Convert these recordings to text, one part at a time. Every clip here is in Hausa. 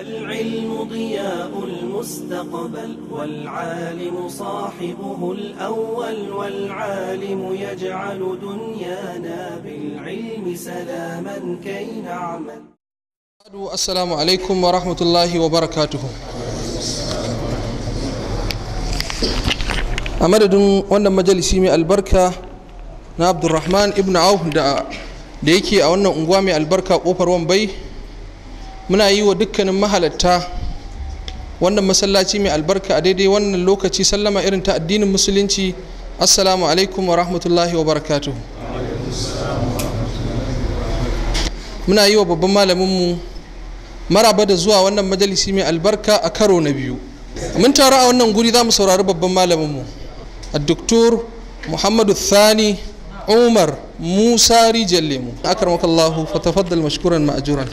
العلم ضياء المستقبل والعالم صاحبه الأول والعالم يجعل دنيانا بالعلم سلاما كي نعمل السلام عليكم ورحمة الله وبركاته أمد وأنا مجلسي من البركة عبد الرحمن ابن عوف دا ديكي أو أن أنغوامي البركة أوبر ومبي muna yi wa dukkanin mahalatta wannan masallaci mai albarka a daidai wannan lokaci sallama irin ta addinin musulunci assalamu alaikum wa rahmatullahi wa barakatuhu muna yi wa babban malaminmu maraba da zuwa wannan majalisi mai albarka a karo na biyu mun taru a wannan guri za mu saurari babban malaminmu a doktor muhammadu thani umar musa rijallemu akarmakallahu fatafaddal mashkuran ma'ajuran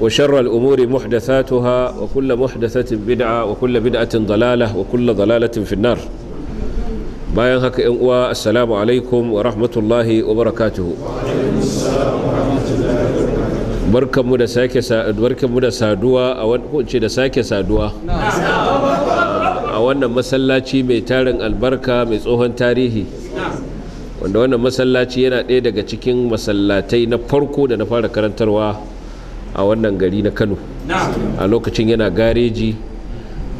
وشر الأمور محدثاتها وكل محدثة بدعة وكل بدعة ضلالة وكل ضلالة في النار bayan haka yan uwa assalamu alaikum wa rahmatullahi wa barakatuhu barkanmu da sake barkanmu da saduwa a wani da sake saduwa a wannan masallaci mai tarin albarka mai tsohon tarihi wanda wannan masallaci yana ɗaya daga cikin masallatai na farko da na fara karantarwa a wannan gari na kano a lokacin yana gareji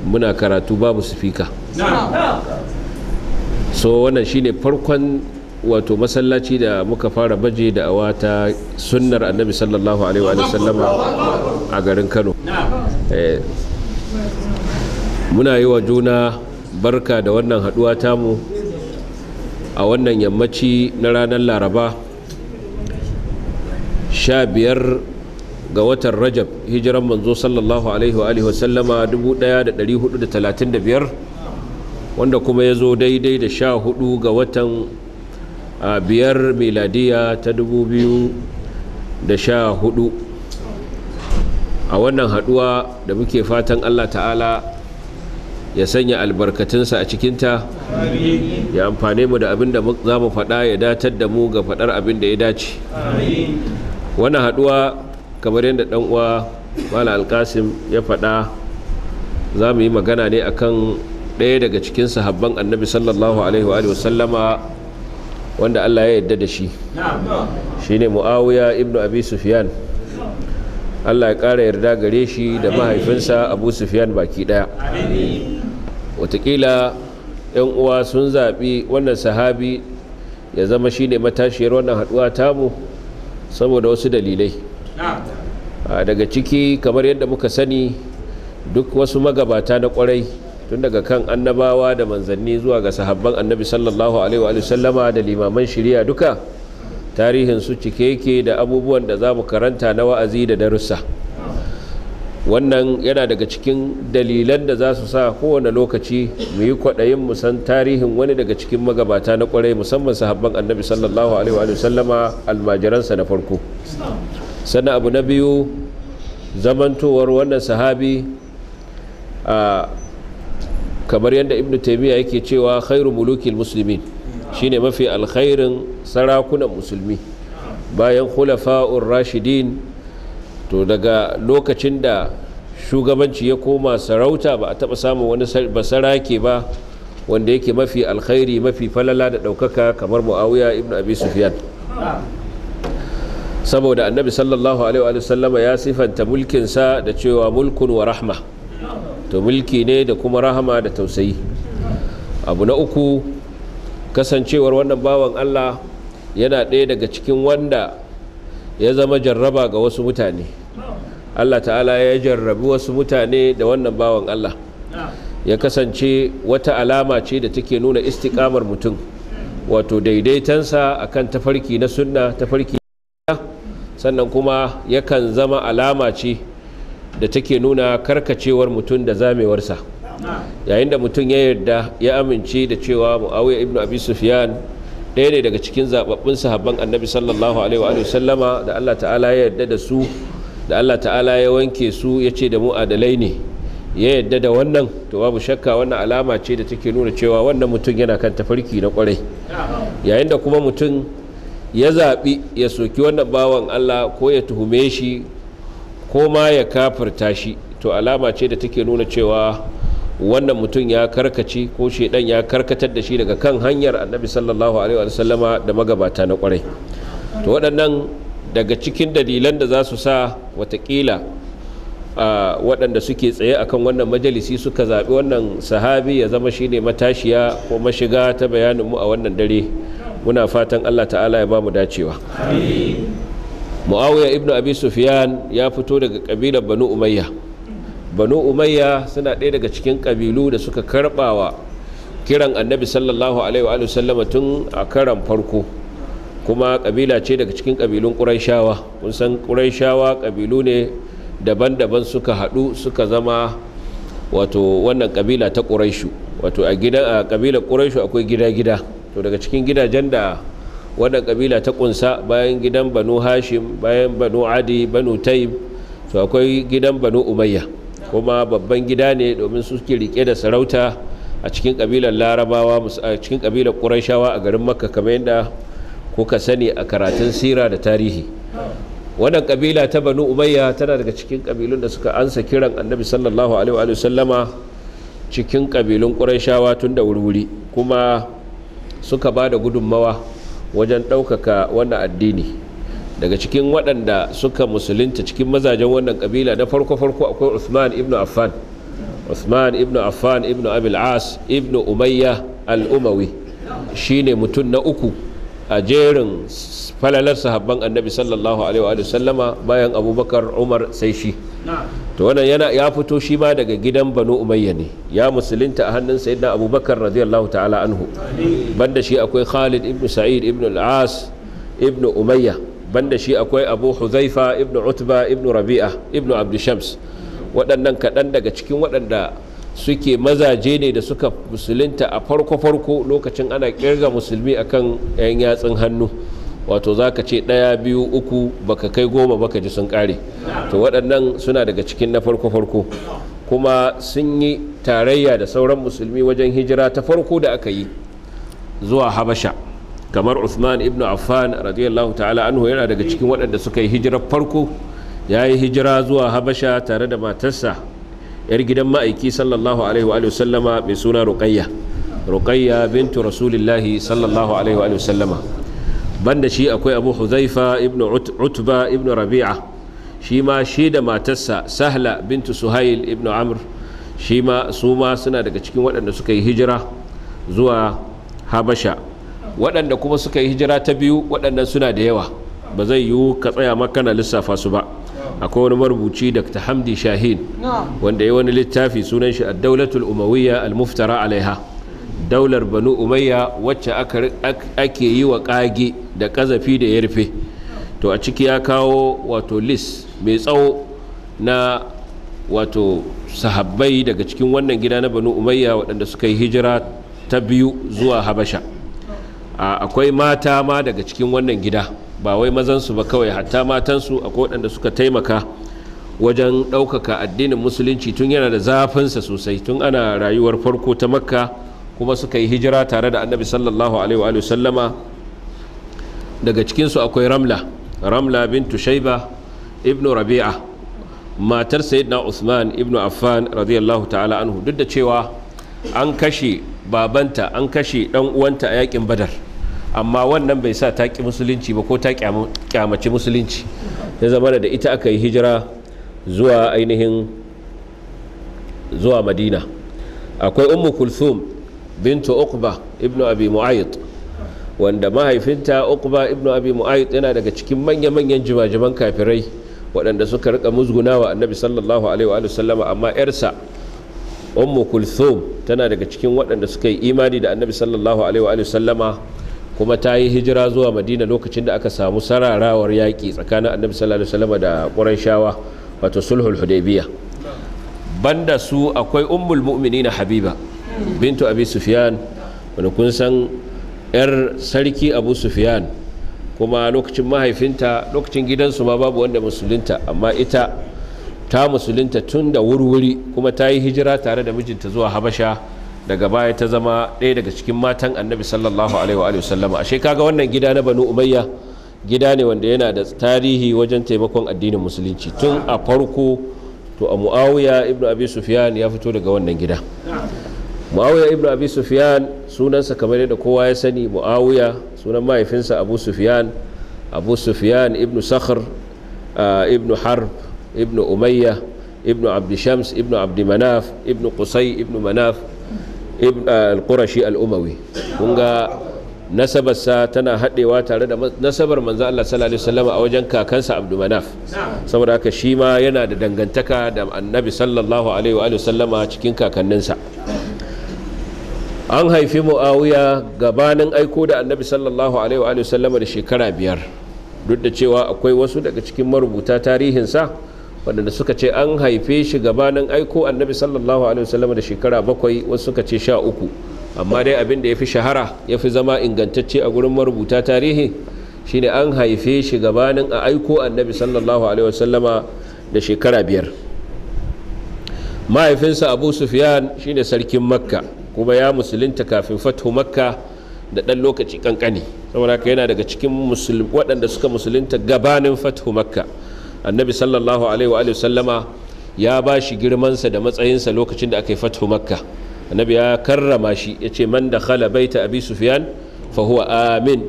muna karatu babu sufika so wannan shine farkon wato masallaci da muka fara baje da awa ta sunnar annabi sallallahu alaihi wa sallama a garin kano eh. muna yi wa juna barka da wannan haduwa tamu a wannan yammaci na ranar laraba sha biyar ga watan rajab hijiran manzo sallallahu alaihi wa talatin da 1435 wanda kuma ya zo daidai da sha hudu ga watan biyar miladiya ta 2014 a wannan haduwa da muke fatan allah ta'ala ya sanya albarkatunsa a cikinta ya amfane mu da abin da za mu faɗa ya datar da mu ga faɗar abin da ya dace wannan haɗuwa kamar yadda dan uwa mala alkasim ya faɗa za mu yi magana ne akan ɗaya daga cikin sahabban annabi sallallahu alaihi wa sallama wanda Allah ya yarda da shi shine muawiya ibnu abi sufyan Allah ya ƙara yarda gare shi da mahaifinsa abu sufyan baki ɗaya watakila yan uwa sun zaɓi wannan sahabi ya zama shine matashiyar wannan haɗuwa tamu saboda wasu dalilai Ah, daga ciki kamar yadda muka sani duk wasu magabata na kwarai tun daga kan annabawa da manzanni zuwa ga sahabban annabi sallallahu alaihi wa sallama da limaman shirya duka tarihin su cike yake da abubuwan da za mu karanta na wa'azi da darussa wannan yana daga cikin dalilan da za su sa kowane lokaci mu yi kwaɗayin mu tarihin wani daga cikin magabata na kwarai musamman sahabban annabi sallallahu alaihi wa sallama almajiransa na farko sannan abu na biyu zamantowar wannan sahabi a kamar yadda ibn taimiyya yake cewa khairu mulukil musulmi shine mafi alkhairin sarakunan musulmi bayan khulafa'ur rashidin to daga lokacin da shugabanci ya koma sarauta ba a taɓa samun wani basarake ba wanda yake mafi alkhairi mafi falala da ɗaukaka kamar mu'awiya ibn abi sufyan saboda annabi sallallahu alaihi wa sallama ya sifanta mulkinsa da cewa mulkun wa rahma to mulki ne da kuma rahama da tausayi abu na uku kasancewar wannan bawan Allah yana ɗaya daga cikin wanda ya zama jarraba ga wasu mutane Allah ta'ala ya jarrabi wasu mutane da wannan bawan Allah ya kasance wata alama ce da take nuna istiƙamar mutum wato daidaitansa akan tafarki na sunna tafarki sannan kuma yakan zama alama ce da take nuna karkacewar mutum da zamewarsa yayin da mutum ya yarda ya amince da cewa muawiya ibn abi sufyan ɗaya ne daga cikin zababbin sahabban annabi sallallahu alaihi wa sallama da Allah ta'ala ya yarda da su da Allah ta'ala ya wanke su ya ce da mu adalai ne ya yarda da wannan to babu shakka wannan alama ce da take nuna cewa wannan mutum yana kan tafarki na kwarai yayin da kuma mutum ya zaɓi ya soki wannan bawan Allah ko ya tuhume shi ko ma ya kafirta shi to alama ce da take nuna cewa wannan mutum ya karkaci ko shaidan ya karkatar da shi daga kan hanyar annabi sallallahu alaihi wasallama da magabata na kwarai to waɗannan daga cikin dalilan da za su sa watakila a waɗanda suke tsaye a kan wannan majalisi suka zaɓi wannan sahabi ya zama shine matashiya ko mashiga ta bayanin mu a wannan dare muna fatan Allah ta'ala ya bamu dacewa muawiya ibnu abi sufyan ya fito daga kabilar banu umayya banu umayya suna ɗaya daga cikin kabilu da suka karbawa kiran annabi sallallahu alaihi wa sallama tun a karan farko kuma kabila ce daga cikin ƙabilun quraishawa kun san quraishawa kabilu ne daban-daban suka haɗu suka zama wato wannan kabila ta quraishu wato a gidan a kabilar ƙuraishu akwai gida-gida to daga cikin gidajen da wannan kabila ta kunsa bayan gidan banu hashim bayan banu adi banu taib to akwai gidan banu umayya kuma babban gida ne domin su suke rike da sarauta a cikin kabilar larabawa a cikin kabilar ƙurashawa a garin makka kamar yadda kuka sani a karatun sira da tarihi wannan kabila ta banu umayya tana daga cikin kabilun da suka ansa kiran annabi sallallahu alaihi wa sallama cikin kabilun ƙurashawa tun da wurwuri kuma suka ba da gudunmawa wajen ɗaukaka wannan addini daga cikin waɗanda suka musulunta cikin mazajen wannan ƙabila na farko-farko akwai Uthman ibn Affan Uthman ibn Affan ibn Abil As ibn Umayya al-Umawi shine mutum na uku a jerin falalar sahabban annabi sallallahu alaihi wa sallama bayan abubakar umar sai shi to wannan yana ya fito shi ma daga gidan banu umayya ne ya musulunta a hannun sayyidina abubakar radiyallahu ta'ala anhu banda shi akwai khalid ibn sa'id ibn al-as ibn umayya banda shi akwai abu huzaifa ibn utba ibn rabi'a ibn abdushams shams waɗannan kaɗan daga cikin waɗanda suke mazaje ne da suka musulunta a farko-farko lokacin ana kirga musulmi akan 'yan yatsun hannu wato za ka ce ɗaya biyu uku baka kai goma ba ka ji sun ƙare to waɗannan suna daga cikin na farko-farko kuma sun yi tarayya da sauran musulmi wajen hijira ta farko da aka yi zuwa habasha kamar usman ibn Affan radiyallahu ta'ala anhu yana daga cikin waɗanda suka yi hijirar farko ya yi hijira zuwa habasha tare da matarsa yar gidan ma'aiki sallallahu alaihi wa sallama mai suna ruqayya ruqayya bintu rasulillahi sallallahu alaihi wa sallama banda shi akwai abu huzaifa ibnu utba ibnu rabi'a shi ma shi da matarsa sahla bintu suhail ibnu amr shi ma su ma suna daga cikin waɗanda suka yi hijira zuwa habasha waɗanda kuma suka yi hijira ta biyu waɗannan suna da yawa ba zai yiwu ka tsaya maka lissafa su ba akwai wani marubuci dr hamdi shahin wanda ya wani littafi sunan shi a daulatul umawiya al-muftara alaiha daular banu umayya wacce ake yi wa kage da kazafi da ya rufe to a ciki ya kawo wato lis mai tsawo na wato sahabbai daga cikin wannan gida na banu umayya waɗanda suka yi hijira ta biyu zuwa habasha akwai mata ma daga cikin wannan gida ba wai mazansu ba kawai hatta matansu akwai waɗanda suka taimaka wajen ɗaukaka addinin musulunci tun yana da zafinsa sosai tun ana rayuwar farko ta makka kuma suka yi hijira tare da annabi sallallahu alaihi wa sallama daga cikinsu akwai ramla ramla bintu shaiba ibnu rabi'a matar sayyidina usman ibnu affan radiyallahu ta'ala anhu duk da cewa an kashe babanta an kashe dan uwanta a yakin badar amma wannan bai sa ta ƙi musulunci ba ko ta ƙyamaci musulunci ya zama da ita aka yi hijira zuwa ainihin zuwa madina akwai ummu kulthum bintu uqba ibnu abi mu'ayyid wanda mahaifinta uqba ibnu abi mu'ayyid yana daga cikin manya-manyan jimajiman kafirai waɗanda suka rika musgunawa annabi sallallahu alaihi wa sallama amma yarsa ummu kulthum tana daga cikin waɗanda suka yi imani da annabi sallallahu alaihi wa sallama kuma ta yi hijira zuwa madina lokacin da aka samu sararawar yaƙi tsakanin annabi sallallahu alaihi wasallam da shawa wato sulhul hudaybiya banda su akwai ummul na habiba bintu abi sufyan wani kun san yar sarki abu sufyan kuma lokacin mahaifinta lokacin gidansu ma babu wanda musulunta amma ita ta musulunta tun da wurwuri kuma ta yi hijira tare da mijinta zuwa habasha daga baya ta zama ɗaya daga cikin matan annabi sallallahu alaihi wa sallama ashe kaga wannan gida na banu umayya gida ne wanda yana da tarihi wajen taimakon addinin musulunci tun a farko to a muawiya ibnu abi sufyan ya fito daga wannan gida muawiya ibnu abi sufyan sunansa kamar yadda kowa ya sani muawiya sunan mahaifinsa abu sufyan abu sufyan ibnu sakhr uh, ibnu harb ibnu umayya ibnu abdi shams ibnu abdi ibnu qusay ibnu manaf Eh, al-qurashi al-umawi nasabarsa tana haɗewa tare da nasabar manzo Allah sallallahu alaihi wasallam a wajen kakansa Abdul Manaf saboda haka shi ma yana da dangantaka da Annabi sallallahu alaihi wa sallama cikin kakanninsa an haifi Muawiya gabanin aiko da Annabi sallallahu alaihi wa sallama da shekara biyar duk da cewa akwai wasu daga cikin marubuta tarihinsa waɗanda suka ce an haife shi gabanin aiko annabi sallallahu alaihi wasallam da shekara bakwai wasu suka ce sha uku amma dai abin da ya fi shahara ya fi zama ingantacce a gurin marubuta tarihi shine an haife shi gabanin a aiko annabi sallallahu alaihi wasallam da shekara biyar mahaifinsa abu sufyan shine sarkin makka kuma ya musulunta kafin fatu makka da ɗan lokaci kankani saboda yana daga cikin waɗanda suka musulunta gabanin fathu makka annabi sallallahu alaihi wa sallama ya ba shi girmansa da matsayinsa lokacin da aka yi fathu makka annabi ya karrama shi ya ce man da khala baita abi sufyan fa huwa amin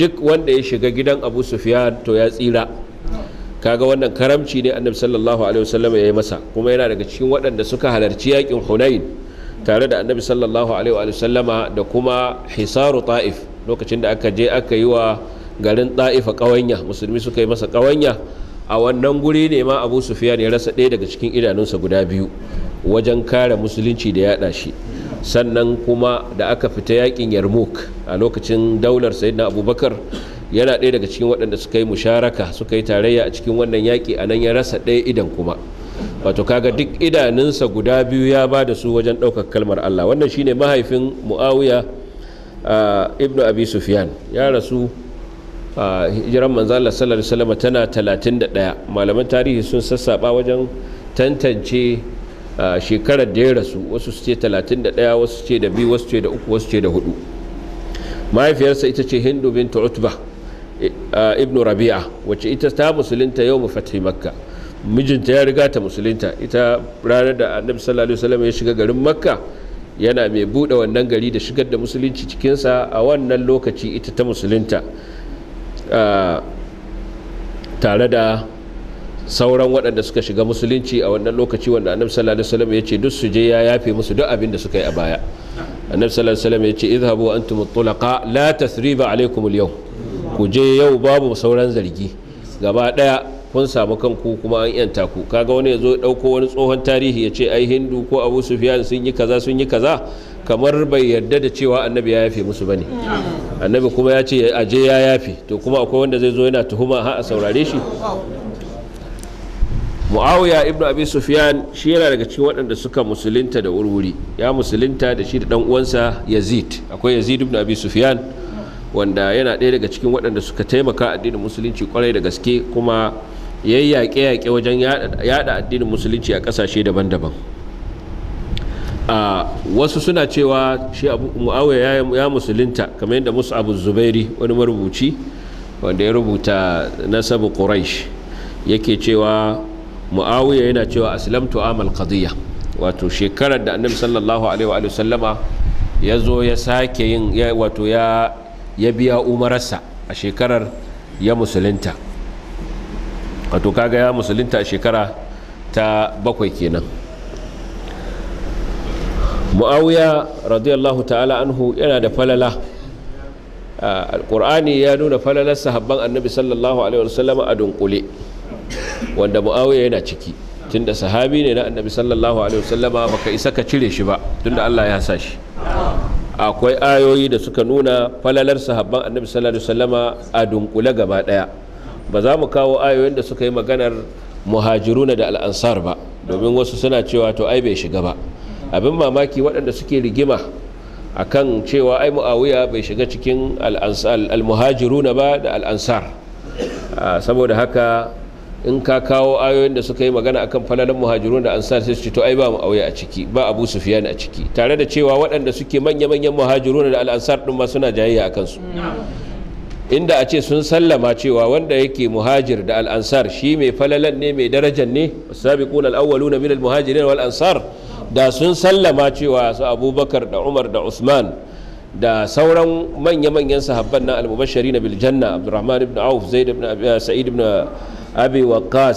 duk wanda ya shiga gidan abu sufyan to ya tsira kaga wannan karamci ne annabi sallallahu alaihi wasallam ya yi masa kuma yana daga cikin waɗanda suka halarci yakin hunain tare da annabi sallallahu alaihi wasallama da kuma hisaru ta'if lokacin da aka je aka yi wa garin ta'ifa ƙawanya musulmi suka yi masa ƙawanya a wannan guri ne ma abu sufiyan ya rasa ɗaya daga cikin idanunsa guda biyu wajen kare musulunci da yaɗa shi sannan kuma da aka fita yakin yarmouk a lokacin daular na abubakar yana ɗaya daga cikin waɗanda suka yi musharaka suka yi tarayya a cikin wannan yaƙi a nan ya rasa ɗaya idan kuma wato kaga duk idanunsa guda biyu ya ba da su wajen ɗaukar kalmar allah wannan shine mahaifin mu'awiya ah, ibnu abi sufyan ya rasu hijiran manzala sallallahu alaihi wasallam tana 31 malaman tarihi sun sassaba wajen tantance shekarar da ya rasu wasu su ce 31 wasu ce da biyu wasu ce da uku wasu ce da hudu mahaifiyarsa ita ce hindu bin utba ibn rabi'a wacce ita ta musulunta yau mafati makka mijinta ya riga ta musulunta ita ranar da annabi sallallahu alaihi ya shiga garin makka yana mai buɗe wannan gari da shigar da musulunci cikinsa a wannan lokaci ita ta musulunta tare da sauran waɗanda suka shiga musulunci a wannan lokaci wanda annabi sallallahu alaihi wasallam ya duk su je ya yafe musu duk abin da suka yi a baya annabi sallallahu alaihi wasallam ya ce idhabu wa antum tulqa la tasriba alaikum alyawm ku je yau babu sauran zargi gaba daya kun samu kanku kuma an yanta ku kaga wani yazo dauko wani tsohon tarihi ya ce ai hindu ko abu sufyan sun yi kaza sun yi kaza kamar bai yarda da cewa annabi ya yafe musu bane annabi kuma ya ce aje ya yafe to kuma akwai wanda zai zo yana tuhuma ha a saurare shi muawiya ibnu abi sufyan shi yana daga cikin waɗanda suka musulunta da wurwuri ya musulunta da shi da dan uwansa yazid akwai yazid ibnu abi sufyan wanda yana ɗaya daga cikin waɗanda suka taimaka addinin musulunci kwarai da gaske kuma ya yi yaƙe-yaƙe wajen yada addinin musulunci a ƙasashe daban-daban ah, wasu suna cewa shi muawiya ya musulunta kamar yadda musu abu zubairi wani marubuci wanda ya rubuta nasabu quraish yake cewa muawiya yana cewa aslamtu amal qadiyya wato shekarar da annabi sallallahu alaihi wa sallama ya zo ya sake yin wato ya ya biya umararsa a shekarar ya musulunta wato kaga ya musulunta a shekara ta bakwai kenan muawiya radiyallahu ta'ala anhu yana da falala alqur'ani ya nuna falalar sahabban annabi sallallahu alaihi wasallam a dunkule wanda muawiya yana ciki tun da sahabi ne na annabi sallallahu alaihi wasallam baka isa ka cire shi ba tun da Allah ya sa shi akwai ayoyi da suka nuna falalar sahabban annabi sallallahu alaihi wasallam a dunkule gaba daya ba za mu kawo ayoyin da suka yi maganar muhajiruna da al'ansar ba domin wasu suna cewa to ai bai shiga ba abin mamaki waɗanda suke rigima akan cewa ai muawiya bai shiga cikin al-muhajiruna ba da al'ansar. Ah, saboda haka in ka kawo ayoyin da suka yi magana akan falalan muhajirun da ansar sai su ce to ai ba muawiya a ciki ba abu sufyan a ciki tare da cewa waɗanda suke manya-manyan muhajirun da al'ansar ansar din ma suna jayayya akan su inda a ce sun sallama cewa wanda yake muhajir da al'ansar shi mai falalan ne mai darajan ne sabiqun al-awwaluna min al-muhajirin wal ansar da sun sallama cewa su abubakar da umar da usman da sauran manya-manyan sahabban na almubashari na biljanna abdurrahman ibn auf zaid ibn eh, sa'id ibn abi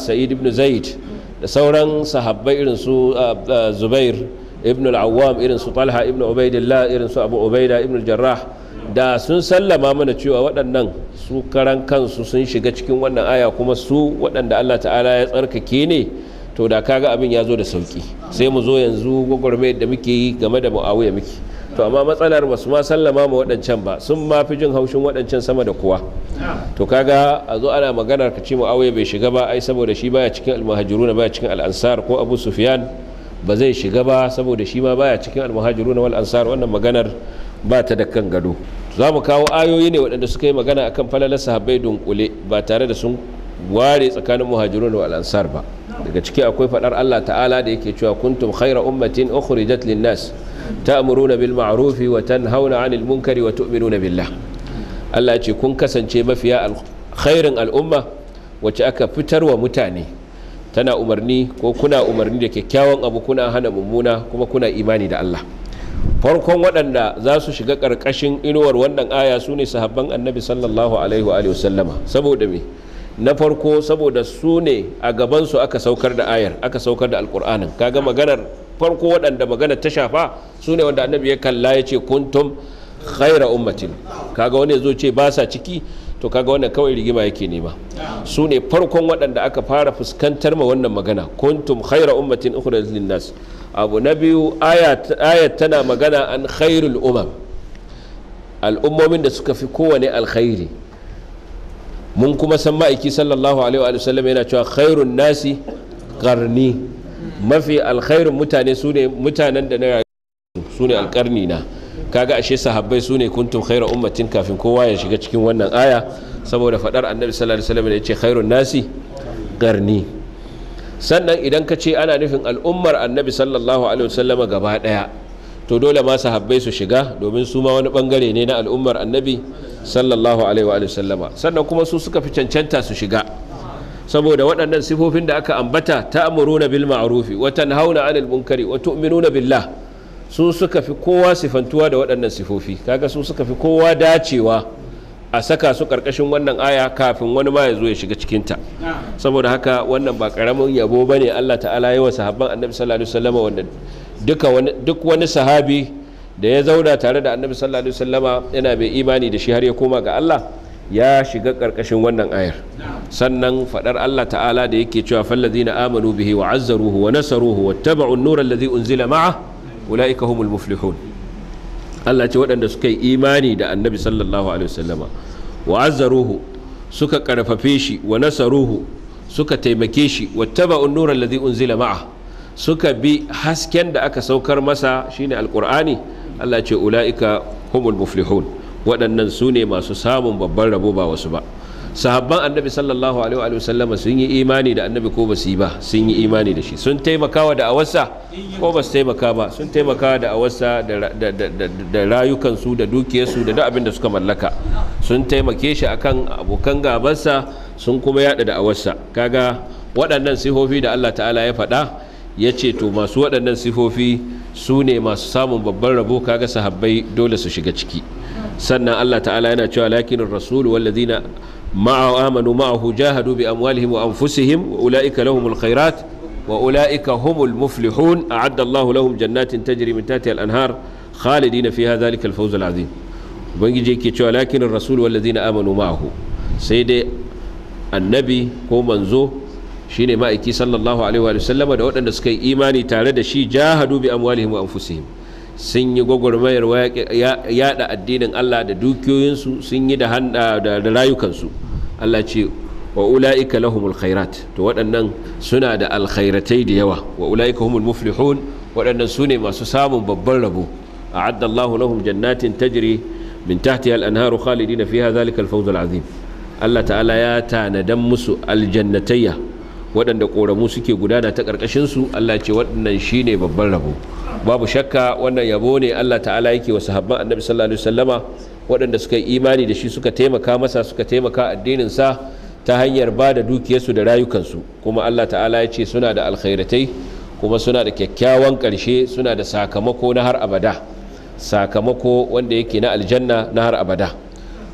sa'id ibn zaid da sauran sahabbai irin su eh, eh, zubair ibn al-awwam irin su talha ibn ubaidillah irin su abu ubaida ibn jarrah da sun sallama mana cewa waɗannan su karan kansu sun shiga cikin wannan aya kuma su waɗanda Allah ta'ala ya tsarkake ne to da kaga abin ya zo da sauki sai mu zo yanzu gwagwarmai da muke yi game da mu'awiya muke to amma matsalar ba su ma sallama ma waɗancan ba sun ma fi jin haushin waɗancan sama da kuwa to kaga a zo ana maganar ka ce mu'awiya bai shiga ba ai saboda shi baya cikin na baya cikin al'ansar ko abu sufyan ba zai shiga ba saboda shi ma baya cikin almuhajirun wal ansar wannan maganar ba ta da kan gado za mu kawo ayoyi ne waɗanda suka yi magana akan falalar sahabbai dunkule ba tare da sun ware tsakanin muhajirun wal ansar ba daga ciki akwai faɗar Allah ta'ala da yake cewa kuntum khayra ummatin ukhrijat linnas nas ta'muruna bil ma'ruf wa tanhauna 'anil munkari wa tu'minuna billah Allah ce kun kasance mafiya khairin al'umma wacce aka fitar wa mutane tana umarni ko kuna umarni da kyakkyawan abu kuna hana mummuna kuma kuna imani da Allah farkon waɗanda za su shiga ƙarƙashin inuwar wannan aya su ne sahabban annabi sallallahu alaihi wa sallama saboda me na farko saboda su ne a gabansu aka saukar da ayar aka saukar da alkur'anin kaga maganar farko waɗanda maganar ta shafa su ne wanda annabi ya kalla ya ce kuntum khaira ummatin kaga wani zo ce ba sa ciki to kaga wannan kawai rigima yake nema su ne farkon waɗanda aka fara fuskantar ma wannan magana kuntum khaira ummatin ukhrijat linnas abu na biyu ayat tana magana an khairul umam al'ummomin da suka fi kowane alkhairi mun kuma san ma'aiki sallallahu alaihi wa sallam yana cewa khairun nasi karni mafi alkhairun mutane su ne mutanen da na su ne alkarni na kaga ashe sahabbai su ne kuntum khaira ummatin kafin kowa ya shiga cikin wannan aya saboda fadar annabi sallallahu alaihi wasallam da yace khairun nasi karni sannan idan ka ce ana nufin al'ummar annabi sallallahu alaihi sallam gaba daya to dole ma sahabbai su shiga domin su ma wani bangare ne na al'ummar annabi sallallahu alaihi wa sallama sannan kuma su suka fi cancanta su shiga saboda waɗannan sifofin da aka ambata ta'muruna bil ma'rufi wa tanhauna 'anil munkari wa tu'minuna billah su suka fi kowa sifantuwa da waɗannan sifofi kaga su suka fi kowa dacewa a saka su karkashin wannan aya kafin wani ma ya zo ya shiga cikinta saboda haka wannan ba karamin yabo bane Allah ta'ala yi wa sahabban annabi sallallahu alaihi wasallama wanda duk wani sahabi da ya zauna tare da annabi sallallahu alaihi wasallama yana mai imani da shi har ya koma ga Allah ya shiga karkashin wannan ayar sannan fadar Allah ta'ala da yake cewa fallazina amanu bihi wa azzaruhu wa nasaruhu wattaba'u an-nura alladhi unzila ma'a ulaika humul muflihun Allah ce waɗanda suka yi imani da annabi sallallahu alaihi wasallama wa azzaruhu suka karfafe shi wa nasaruhu suka taimake shi wattaba'u an-nura alladhi unzila ma'a suka bi hasken da aka saukar masa shine alkur'ani Allah ce ula'ika humul muflihun waɗannan su ne masu samun babban rabo ba wasu ba sahabban annabi sallallahu alaihi wa sallama sun yi imani da annabi ko ba su yi ba sun yi imani da shi sun taimakawa da awarsa ko ba su taimaka ba sun taimakawa da awarsa da rayukansu da dukiyarsu da duk abin da suka mallaka sun taimake shi akan abokan gabansa sun kuma yada da awarsa kaga waɗannan sihofi da Allah ta'ala ya faɗa ya ce to masu waɗannan sifofi su ne masu samun babban rabo kaga sahabbai dole su shiga ciki sannan Allah ta'ala yana cewa lakinin rasul wallazina ma'ahu amanu ma'ahu jahadu bi amwalihim wa anfusihim wa ulaika lahumul khairat wa ulaika humul muflihun a'adda Allahu lahum jannatin tajri min tahtiha al-anhar khalidina fiha dhalika al-fawz al-azim ubangiji yake cewa lakinin rasul wallazina amanu ma'ahu sai dai annabi ko manzo shine ma'aiki sallallahu alaihi wa sallama da waɗanda suka yi imani tare da shi jahadu bi amwalihim wa anfusihim sun yi gwagwarmayar yada addinin Allah da dukiyoyinsu sun yi da rayukansu Allah ce wa ula'ika lahumul khairat to waɗannan suna da alkhairatai da yawa wa ula'ika humul muflihun waɗannan su ne masu samun babban rabo a'adda Allahu lahum jannatin tajri min tahtiha al-anharu khalidina fiha zalika al-fawz al-azim Allah ta'ala ya tanadan musu aljannatayya waɗanda ƙoramu suke gudana ta ƙarƙashinsu Allah ce waɗannan shi ne babban rabo babu shakka wannan yabo ne Allah ta'ala yake wa sahabban annabi sallallahu alaihi wasallama waɗanda suka yi imani da shi suka taimaka masa suka taimaka addininsa ta hanyar ba da dukiyarsu da rayukansu kuma Allah ta'ala ya ce suna da alkhairatai kuma suna da kyakkyawan ƙarshe suna da sakamako na har abada sakamako wanda yake na aljanna na har abada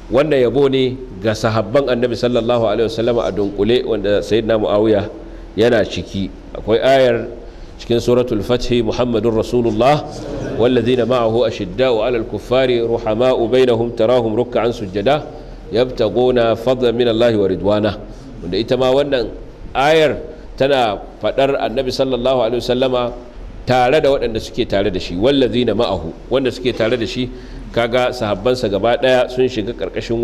wanda yabo ne ga sahabban annabi sallallahu alaihi wasallam a dunkule wanda sayyidina muawiya yana ciki akwai ayar cikin suratul fathi muhammadur rasulullah والذين معه أشداء على الكفار رحماء بينهم تراهم ركعا سجدا يبتغون فضلا من الله ورضوانه wanda ita ma wannan ayar tana faɗar annabi sallallahu alaihi wasallama tare da waɗanda suke tare da shi wallazina ma'ahu wanda suke tare da shi kaga sahabbansa gaba daya sun shiga karkashin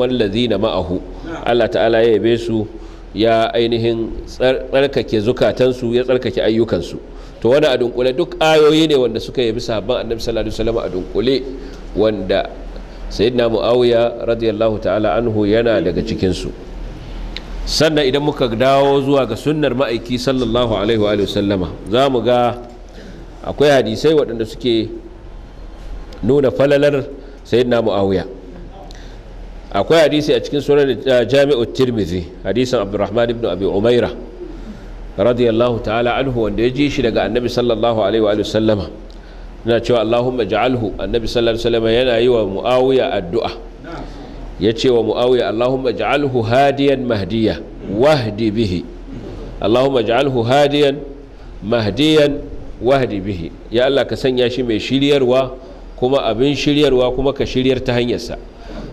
na ma'ahu Allah ta'ala ya yabe su ya ainihin tsarkake zukatansu ya tsarkake ayyukansu to wani a dunkule duk ayoyi ne wanda suka yabi sahabban annabi sallallahu alaihi wasallam a dunkule wanda sayyidina muawiya radiyallahu ta'ala anhu yana daga cikin su sannan idan muka dawo zuwa ga sunnar ma'aiki sallallahu alaihi wa sallam za mu ga akwai hadisai waɗanda suke nuna falalar sayyidina muawiya akwai hadisi a cikin sunan uh, jami'ut tirmidhi hadisin abdurrahman ibn abi umaira radiyallahu ta'ala anhu wanda ya ji shi daga annabi sallallahu alaihi wa sallama yana cewa Allahumma ja'alhu annabi sallallahu alaihi wasallam yana yi wa Muawiya addu'a ya ce wa Muawiya Allahumma ja'alhu hadiyan mahdiya wahdi bihi Allahumma ja'alhu hadiyan mahdiyan wahdi bihi ya Allah ka sanya shi mai shiryarwa kuma abin shiryarwa kuma ka shiryar ta hanyarsa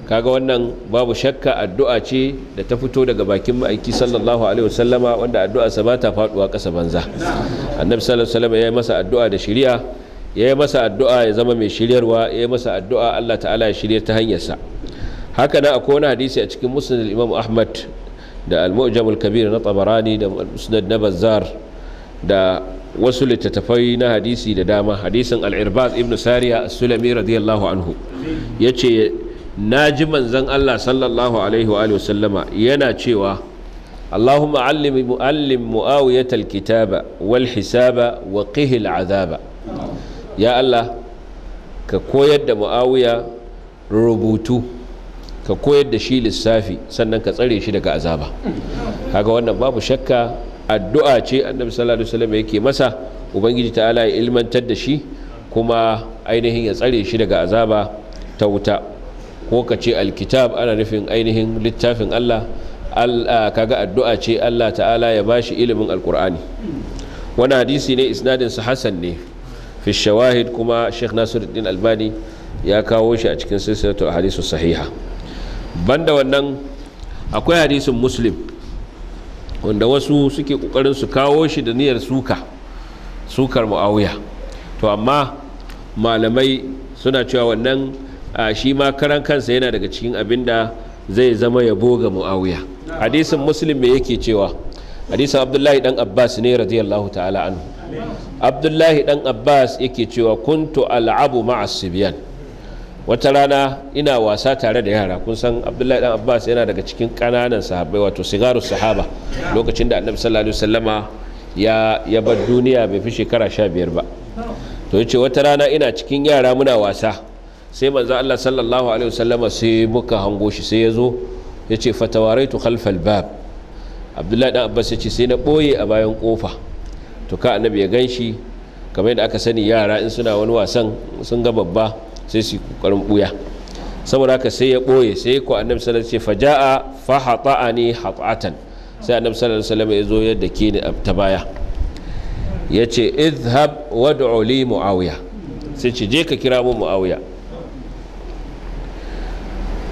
kaga wannan babu shakka addu'a ce da ta fito daga bakin ma'aiki sallallahu alaihi wasallama wanda addu'arsa ba ta faduwa ƙasa banza annabi sallallahu alaihi wasallama ya yi masa addu'a da shiriya ya yi masa addu'a ya zama mai shiryarwa ya yi masa addu'a Allah ta'ala ya shiryar ta hanyarsa haka nan akwai wani hadisi a cikin musnad imam ahmad da al-mu'jamul kabir na tabarani da musnad na bazzar da wasu littattafai na hadisi da dama hadisin al'irbaz ibn sariya sulami radiyallahu anhu ya ce na ji manzan Allah sallallahu alaihi wa sallama yana cewa Allahumma allim mu'allim mu'awiyat alkitaba wal hisaba wa qihil azaba ya Allah ka koyar da mu'awiya rubutu ka koyar da shi lissafi sannan ka tsare shi daga azaba kaga wannan babu shakka addu'a ce annabi sallallahu alaihi wasallam yake masa ubangiji ta'ala ya ilmantar da shi kuma ainihin ya tsare shi daga azaba ta wuta ko ka ce alkitab ana nufin ainihin littafin Allah kaga addu'a ce Allah ta'ala ya ba shi ilimin alkur'ani wani hadisi ne isnadin su Hassan ne fi shawahid kuma Sheikh Nasiruddin Albani ya kawo shi a cikin silsilatul hadisu sahiha banda wannan akwai hadisin Muslim wanda wasu suke kokarin su kawo shi da niyyar suka sukar muawiya to amma malamai suna cewa wannan shi ma karan kansa yana daga cikin abin da zai zama yabo ga muawiya hadisin muslim me yake cewa hadisin abdullahi dan abbas ne radiyallahu ta'ala anhu abdullahi dan abbas yake cewa kuntu al'abu ma'as sibyan wata rana ina wasa tare da yara kun san abdullahi dan abbas yana daga cikin kananan sahabbai wato sigaru sahaba lokacin da annabi sallallahu alaihi wasallama ya ya bar duniya bai fi shekara sha biyar ba to yace wata rana ina cikin yara muna wasa sai manzo Allah sallallahu alaihi wasallama sai muka hango shi sai yazo yace fatawaraitu khalfal bab abdullahi dan abbas yace sai na boye a bayan kofa to ka annabi ya ganshi kamar yadda aka sani yara in suna wani wasan sun ga babba sai su kokarin buya saboda haka sai ya boye sai ko annabi sallallahu alaihi wasallam ce faja'a fa hata'ani hata'atan sai annabi sallallahu alaihi wasallam ya zo yadda ke ni ta baya yace idhhab wad'u li muawiya sai ce je ka kira mu muawiya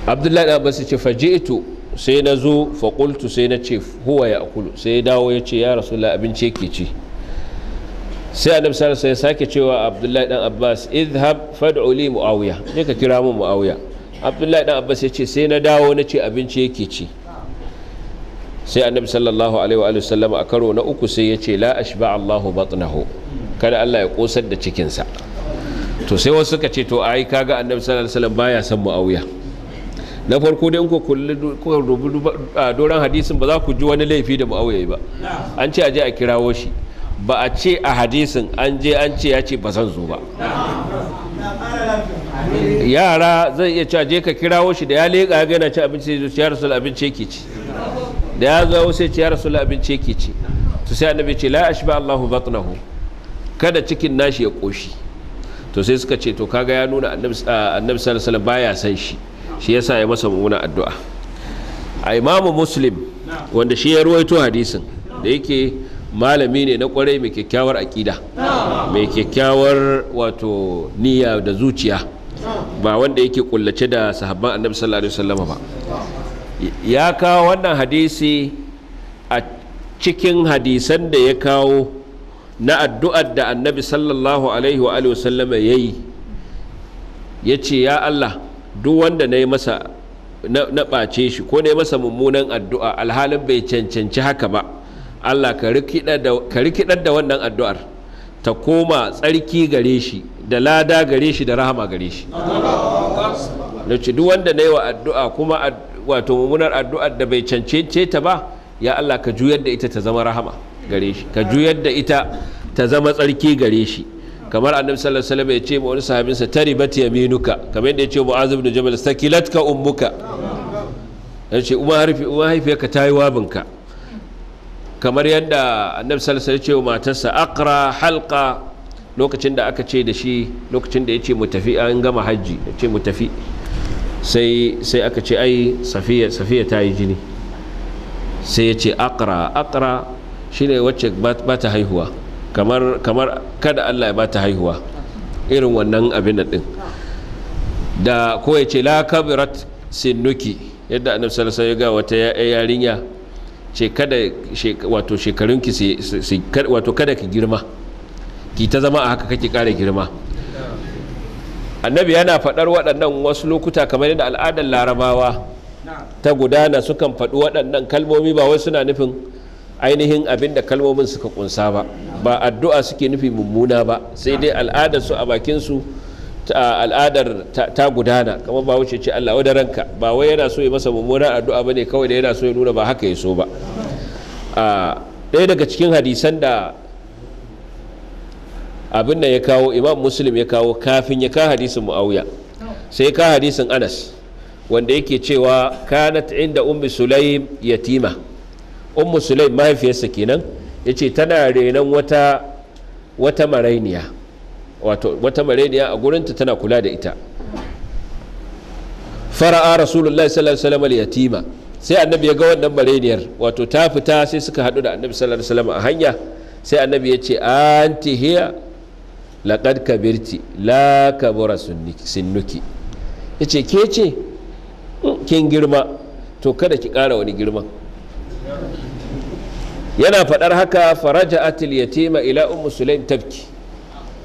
abdullahi da su ce faji'tu sai na zo fa qultu sai na ce huwa ya sai ya dawo ya ce ya rasulullah abinci yake ci sai annabi sallallahu ya sake cewa abdullahi dan abbas idhhab fad'u li muawiya ne ka kira mu muawiya abdullahi dan abbas ya ce sai na dawo na ce abinci yake ci sai annabi sallallahu alaihi wa sallam a karo na uku sai ya ce la ashba allahu batnahu kada allah ya kosar da cikinsa to sai wasu suka ce to ai kaga annabi sallallahu alaihi wasallam baya son muawiya na farko dai ko kulli doron hadisin ba za ku ji wani laifi da muawiya ba an ce aje a kirawo shi ba a ce a hadisin an je an ce ya ce ba zan zo ba yara zai iya cewa je ka kirawo shi da ya leƙa ga yana ci abinci ya rasu abinci ke ci da ya zo sai ci ya rasu abinci ke ci to sai annabi ce la ashba Allahu batnahu kada cikin nashi ya koshi to sai suka ce to kaga ya nuna annabi annabi sallallahu alaihi wasallam baya san shi shi yasa ya masa mummuna addu'a a imamu muslim wanda shi ya ruwaito hadisin da yake malami ne na kwarai mai kyakkyawar aƙida mai kyakkyawar wato niyya da zuciya ba wanda yake kullace da sahabban annabi sallallahu alaihi wasallam ba ya kawo wannan hadisi a cikin hadisan da ya kawo na addu'ar da annabi sallallahu alaihi wa alihi ya yi ya ce ya Allah duk wanda na yi masa na ɓace shi ko na yi masa mummunan addu'a alhalin bai cancanci haka ba Allah ka rikidar da wannan addu'ar ta koma tsarki gare shi da lada gare shi da rahama gare shi na duk wanda na yi wa addu'a kuma wato mummunar addu'ar da bai cancance ta ba ya Allah ka juyar da ita ta zama rahama gare shi ka juyar da ita ta zama tsarki gare shi kamar annabi sallallahu alaihi wasallam ya ce ma wani sahabinsa taribat yaminuka kamar yadda ya ce mu'azib ibn jabal sakilatka ummuka ya ce umma harfi umma haifiya ka tayi wabinka kamar yadda annabi sallallahu alaihi wasallam matarsa aqra halka, lokacin da aka ce da shi lokacin da ya mu tafi an gama haji ya mu tafi sai aka ce ai safiya safiya ta yi jini sai yace aqra aqra shine wacce ba ta haihuwa kamar kada Allah ya ba ta haihuwa irin wannan abin din da ko yace la kabirat sinuki yadda annabi sallallahu alaihi wasallam ya ga wata yarinya ce kada wato shekarunki wato kada ki girma ki ta zama a haka kake kare girma annabi yana faɗar waɗannan wasu lokuta kamar yadda al'adar larabawa ta gudana sukan faɗi waɗannan kalmomi ba wai suna nufin ainihin abin da kalmomin suka kunsa ba ba addu'a suke nufi mummuna ba sai dai al'adar su a bakin su al'adar ta gudana kamar ba wuce ce Allah wadda ranka ba wai yana so ya masa mummuna addu'a bane kawai da yana so ya nuna ba haka ya so ba ɗaya daga cikin hadisan da abin da ya kawo imam muslim ya kawo kafin ya ka hadisin mu'awiya sai ka hadisin anas wanda yake cewa kanat inda ummi sulaim yatima ummu sulaim mahaifiyarsa kenan yace tana renon wata marainiya wato wata mareniya a gurinta tana kula da ita fara'a rasulullah sallallahu alaihi wasallam yatima sai annabi ya ga wannan mareniyar wato ta fita sai suka haɗu da annabi sallallahu alaihi wasallam a hanya sai annabi ya ce anti hiya laqad kabirti la kabura sunnuki yace ke ce hmm, kin girma to kada ki ƙara wani girma yana faɗar haka faraja atil yatima ila ummu sulaim tabki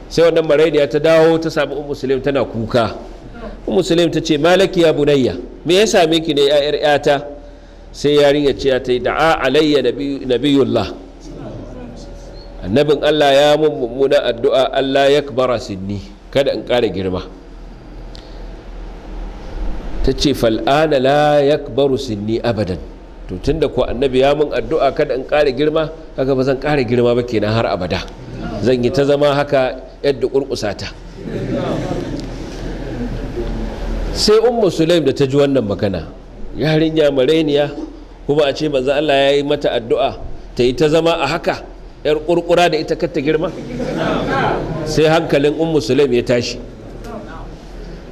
sai wannan marainiya ta dawo ta sami ummu sulaim tana kuka ummu sulaim ta ce malaki ya bunayya me ya same ki ne yar yata sai yarinya ce ta yi da'a alayya nabiyullah annabin Allah ya mummuna addu'a Allah ya kabara sinni kada in kare girma ta ce fal'ana la ya kabaru sinni abadan to tun da ku annabi ya mun addu'a kada in kare girma kaga ba zan ƙara girma ba kenan har abada zan yi ta zama haka yadda kurkusa ta sai ummu sulaim da ta ji wannan magana yarinya mareniya kuma a ce manzo Allah ya yi mata addu'a ta yi ta zama a haka yar ƙurƙura da ita ta girma sai hankalin ummu sulaim ya tashi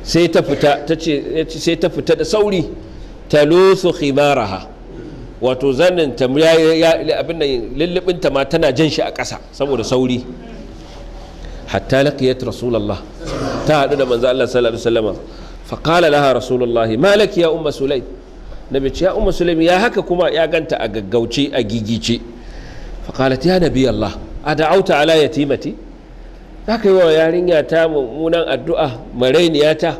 sai ta fita ta ce ta fita da sauri talusu khimaraha wato zanen ta abin nan lullubin ma tana jan shi a ƙasa saboda sauri hatta laqiyat rasulullah ta hadu da manzo Allah sallallahu alaihi wasallam fa qala laha rasulullah malaki ya umma sulaim nabi ce ya umma sulaim ya haka kuma ya ganta a gaggauce a gigice fa qalat ya nabi Allah ad'auta ala yatimati haka yi wa yarinya ta mummunan addu'a marainiyata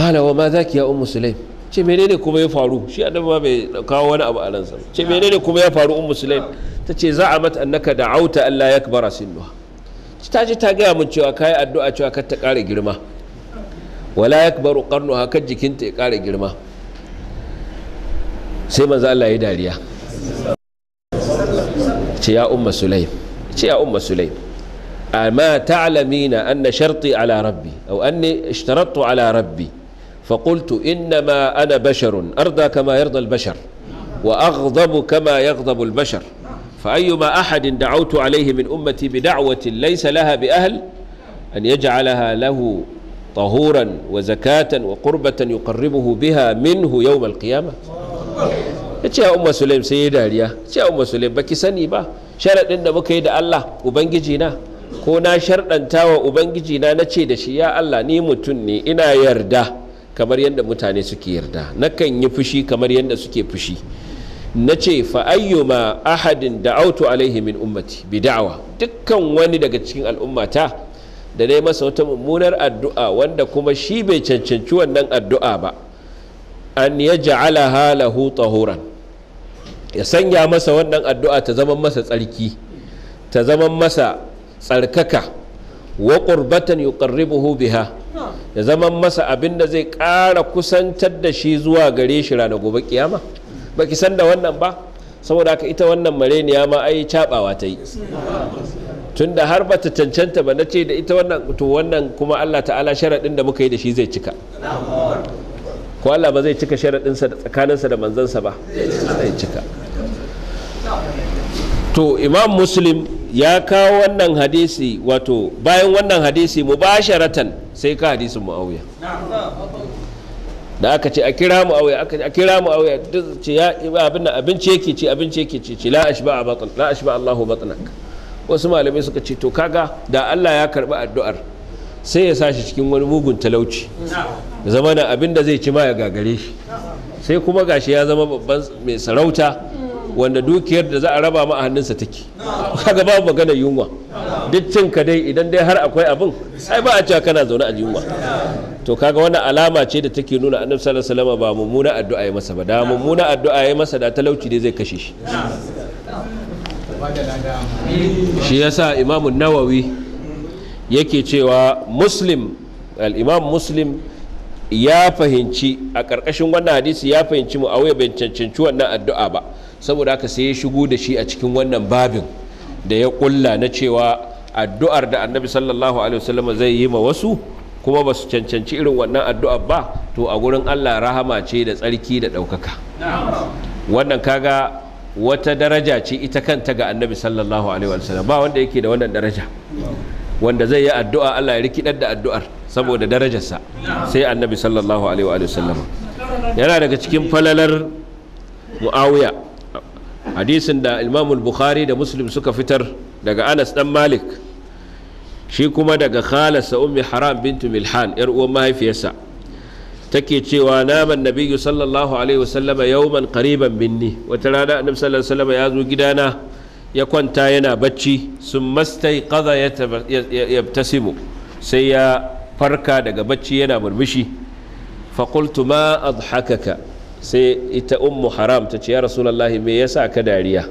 qala wa ma zaki ya umma sulaim ce menene kuma ya faru shi annabi ma bai kawo wani abu a ransa ce menene kuma ya faru ummu sulaim ta ce za a mata annaka da auta Allah ya kabara sinuwa ta ce ta gaya min cewa kayi addu'a cewa kar ta ƙara girma wala ya kabaru karnu haka jikinta ya ƙara girma sai manzo Allah ya dariya ce ya umma sulaim ce ya umma sulaim amma ta'lamina anna sharti ala rabbi aw anni ishtarattu ala rabbi فقلت إنما أنا بشر أرضى كما يرضى البشر وأغضب كما يغضب البشر فأيما أحد دعوت عليه من أمتي بدعوة ليس لها بأهل أن يجعلها له طهورا وزكاة وقربة يقربه بها منه يوم القيامة يا أم سليم سيدة يا يا أم سليم بكي سني با شرط إن مكيد الله وبنجينا ko na sharɗanta wa ubangiji na na ce da shi ya Allah ni mutum ne ina yarda kamar yadda mutane suke yarda na kan yi fushi kamar yadda suke fushi na ce ma ahadin da auto alaihi min ummati bi dukkan wani daga cikin al'ummata da dai masa wata mummunar addu'a wanda kuma shi bai cancanci wannan addu'a ba an ya ja'ala halahu tahuran ya sanya masa wannan addu'a ta zama masa tsarki ta zama masa tsarkaka wa qurbatan biha ya zama masa abin da zai ƙara kusantar da shi zuwa gare shi rana gobe kiyama ba ki san da wannan ba saboda haka ita wannan mareniya ma ai cabawa ta yi tun da har ta cancanta ba na ce da ita wannan to wannan kuma Allah ta'ala sharaɗin da muka yi da shi zai cika ko Allah ba zai cika sharaɗinsa tsakaninsa da manzansa ba zai cika to imam muslim ya kawo wannan hadisi wato bayan wannan hadisi mubasharatan sai ka hadisin muawiya da aka ce a kira muawiya a kira muawiya duk ce ya abin nan abinci yake ci ce yake ci la ashba batn la ashba Allahu batnak wasu malamai suka ce to kaga da Allah ya karbi addu'ar sai ya sashi cikin wani mugun talauci zama na abin da zai ci ma ya gagare shi sai kuma gashi ya zama babban mai sarauta wanda dukiyar da za a raba ma a hannunsa take kaga babu maganar yunwa duk cin ka dai idan dai har akwai abin ai ba a cewa kana zaune a yunwa to kaga wannan alama ce da take nuna annabi sallallahu alaihi wasallam ba mummuna addu'a ya masa ba da mummuna addu'a ya masa da talauci dai zai kashe shi shi yasa imamu nawawi yake cewa muslim al-imam muslim ya fahimci a ƙarƙashin wannan hadisi ya fahimci mu auya bai cancanci wannan addu'a ba saboda haka sai ya shigo da shi a cikin wannan babin da ya kulla na cewa addu'ar da annabi sallallahu alaihi wasallam zai yi ma wasu kuma ba su cancanci irin wannan addu'a ba to a gurin Allah rahama ce da tsarki da ɗaukaka wannan kaga wata daraja ce ita kanta ga annabi sallallahu alaihi wasallam ba wanda yake da wannan daraja wanda zai yi addu'a Allah ya rikidar da addu'ar saboda darajarsa sai annabi sallallahu alaihi wasallam yana daga cikin falalar muawiya hadisin da imamul bukhari da muslim suka fitar daga anas dan malik shi kuma daga khalasa ummi haram bintu milhan yar uwan mahaifiyarsa take cewa naman nabiyyu sallallahu alaihi wasallama yawman qariban minni wata rana annabi sallallahu alaihi wasallama ya zo gidana ya kwanta yana bacci sun mastai qada yabtasimu sai ya farka daga bacci yana murmushi fa qultu ma adhakaka sai ita ummu haram ta ce ya rasulallah me yasa ka dariya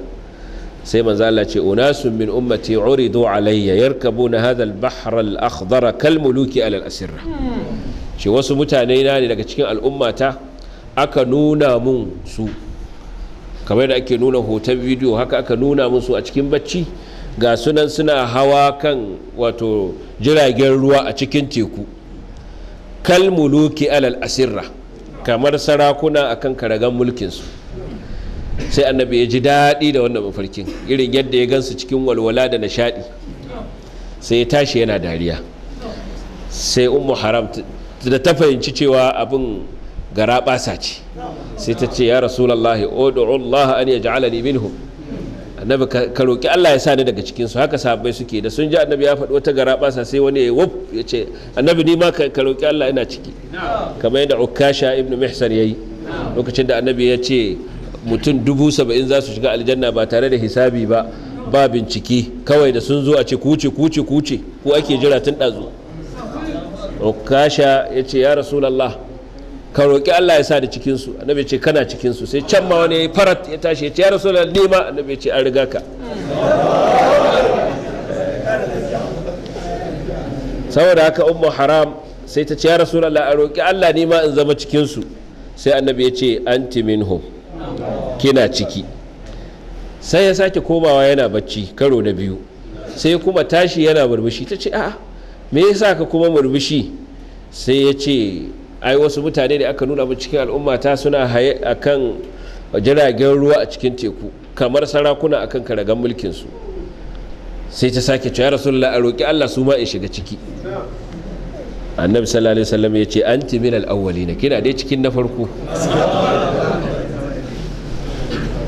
sai manzo Allah ce unasun min ummati uridu alayya yarkabuna hadha al-bahr al-akhdar kal muluki ala al-asirra ce wasu mutane na ne daga cikin al'ummata aka nuna mun su kamar da ake nuna hoton bidiyo haka aka nuna mun su a cikin bacci ga sunan suna hawa kan wato jiragen ruwa a cikin teku kal muluki alal asirra kamar sarakuna a kan karagan mulkinsu sai annabi ya ji daɗi da wannan mafarkin irin yadda ya gansu cikin walwala da nishaɗi sai ya tashi yana dariya sai ummu haram da ta fahimci cewa abin gara ɓasa ce sai ta ce ya rasulallah laha an ya ni minhum annabi ka roki Allah ya sa ni daga cikin su haka sahabbai suke da sun ji annabi ya faɗi wata garaba sa sai wani ya wuf ya ce annabi ni ma ka roƙi Allah ina ciki kamar yadda Ukasha ibn Mihsan yayi lokacin da annabi ya ce mutum dubu saba'in za su shiga aljanna ba tare da hisabi ba ba bincike kawai da sun zo a ce kuce kuce kuce ko ake jira tun ɗazu Ukasha ya ce ya rasulallah ka roƙi Allah ya sa da cikinsu annabi ce kana cikinsu sai can ma wani ya farat ya tashi ya ce ya rasu da nema annabi ce an riga ka saboda haka ummu haram sai ta ce ya rasu Allah a roƙi Allah nema in zama cikinsu sai annabi ya ce anti minhum kina ciki sai ya sake komawa yana bacci karo na biyu sai kuma tashi yana murmushi ta ce a'a me yasa ka kuma murmushi sai ya ce ai wasu mutane da aka nuna cikin al'umma ta suna haye kan jiragen ruwa a cikin teku kamar sarakuna a kan karagan mulkinsu su sai ta sake cewa rasulullah a roƙi Allah su ma in shiga ciki annabi sallallahu alaihi wasallam ya ce an timin al na kina dai cikin na farko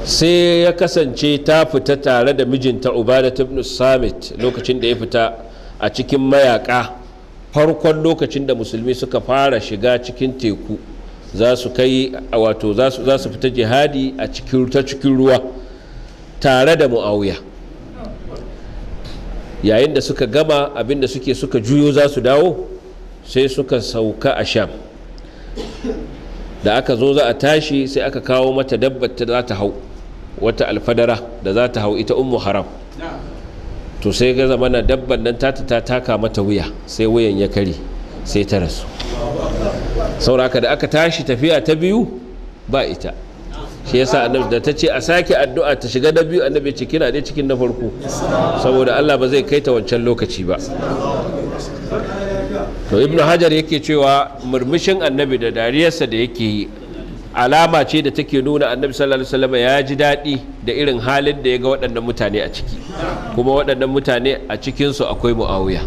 sai ya kasance ta fita tare da mijinta ubadat ibn samit lokacin da ya fita a cikin mayaka farkon lokacin da musulmi suka fara shiga cikin teku za su kai wato za su fita jihadi a cikin ta cikin ruwa tare da mu'awiya yayin da suka gama abinda suke suka juyo za su dawo sai suka sauka a sham da aka zo za a tashi sai aka kawo mata dabbata za ta hau wata alfadara da za ta hau ita ummu haram to sai ga zamana dabban nan ta ta taka mata wuya sai wuyan ya kare sai ta rasu sauraka da aka tashi tafiya ta biyu ba ita shi yasa annabi da ta ce a sake addu'a ta shiga na biyu annabi ce kina dai cikin na farko saboda Allah ba zai kai ta wancan lokaci ba to ibnu hajar yake cewa murmushin annabi da dariyarsa da yake yi alama ce da take nuna annabi sallallahu alaihi wasallam ya ji daɗi da irin halin da ya ga waɗannan mutane a ciki kuma waɗannan mutane a cikinsu akwai mu'awiya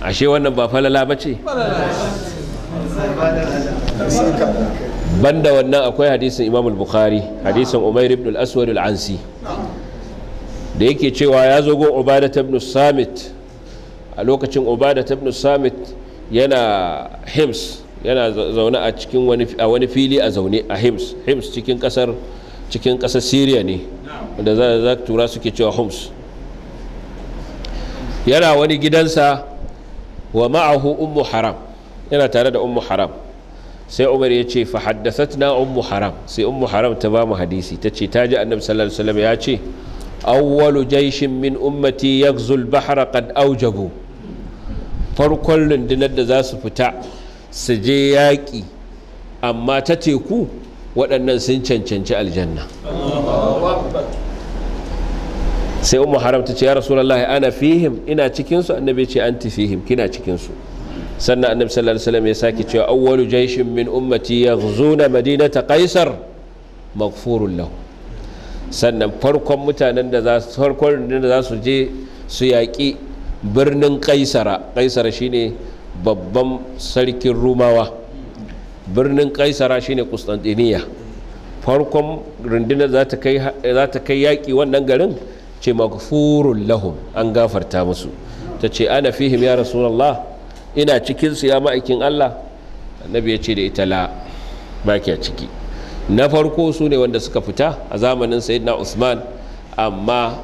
ashe wannan ba falala ba ce banda wannan akwai hadisin imam bukhari hadisin umair ibn al-aswad al-ansi da yake cewa ya zo gon ubadat ibn samit a lokacin ubadat ibn samit yana hims yana zaune a cikin wani fili a zaune a hims hims cikin kasar cikin kasar syria ne da za tura suke cewa homs yana wani gidansa wa ma'ahu ummu haram yana tare da ummu haram sai umar ya ce fa na ummu haram sai ummu haram ta ba mu hadisi ta ce ta ji annabi sallallahu alaihi wasallam ya ce awwalu jaishin min ummati yaghzul bahra qad aujagu farkon rundunar da za su fita su je yaƙi amma ta teku waɗannan sun cancanci aljanna sai umar haram ce ya rasulallah ana fihim ina cikinsu annabi ce an fihim kina cikinsu sannan annabi sallallahu alaihi wasallam ya sake cewa awwalu jaishin min ummati yaghzuna madinata qaisar maghfurun lahu sannan farkon mutanen da za su farkon da za su je su yaƙi birnin qaisara qaisara shine babban sarkin rumawa birnin kaisara shine kustantiniya farkon rundunar za ta kai yaƙi wannan garin ce magfurun lahum an gafarta musu ta ce ana fihim ya rasulallah ina cikinsu ya ma'aikin allah annabi ya ce da ita la baki ciki na farko su ne wanda suka fita a zamanin sayyidina usman amma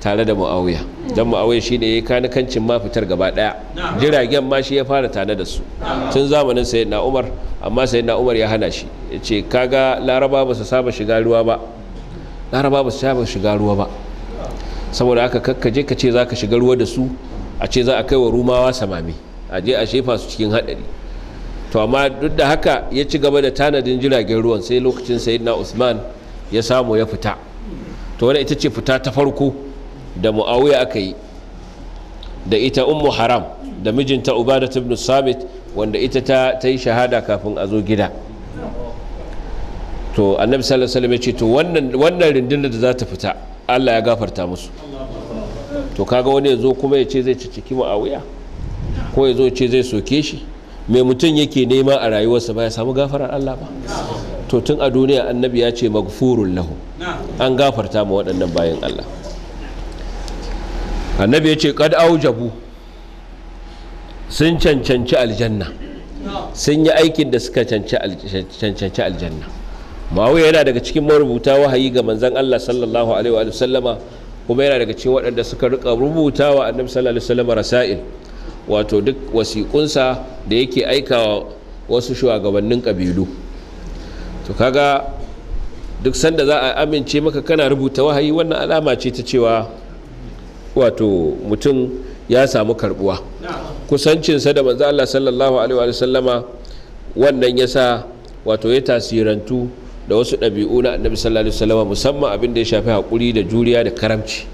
tare da muawiya don muawiya shi ne ya kanikancin ma fitar gaba daya jiragen ma shi ya fara tare da su tun zamanin na umar amma na umar ya hana shi ya ce kaga laraba ba su saba shiga ruwa ba laraba ba su saba shiga ruwa ba saboda aka kakkaje ka ce za ka shiga ruwa da su a ce za a kai wa rumawa samami a je a shefa su cikin haɗari to amma duk da haka ya ci gaba da tanadin jiragen ruwan sai lokacin sayyidina usman ya samu ya fita to wani ita ce fita ta farko da muawiya aka yi da ita ummu haram da mijinta ubada ibn sabit wanda ita ta yi shahada kafin a zo gida to annabi sallallahu alaihi wasallam ya ce to wannan wannan da za ta fita Allah ya gafarta musu to kaga wani ya zo kuma ya ce zai ciciki muawiya ko ya ce zai soke shi me mutum yake nema a rayuwarsa ba ya samu gafarar Allah ba to tun a duniya annabi ya ce magfurun lahu an gafarta mu waɗannan bayan Allah annabi ya ce kad aujabu sun cancanci aljanna sun yi aikin da suka cancanci aljanna mawuyi yana daga cikin marubuta wahayi ga manzan Allah sallallahu alaihi wa sallama kuma yana daga cikin waɗanda suka rika rubuta wa annabi sallallahu alaihi wa rasail wato duk wasiƙunsa da yake aikawa wasu shugabannin ƙabilu to kaga duk sanda za a amince maka kana rubuta wahayi wannan alama ce ta cewa wato mutum ya samu karbuwa kusancinsa da manzo Allah sallallahu alaihi wa wannan ya sa wato ya tasirantu da wasu ɗabi'u na annabi sallallahu alaihi wasallama musamman abin da ya shafi haƙuri da juriya da karamci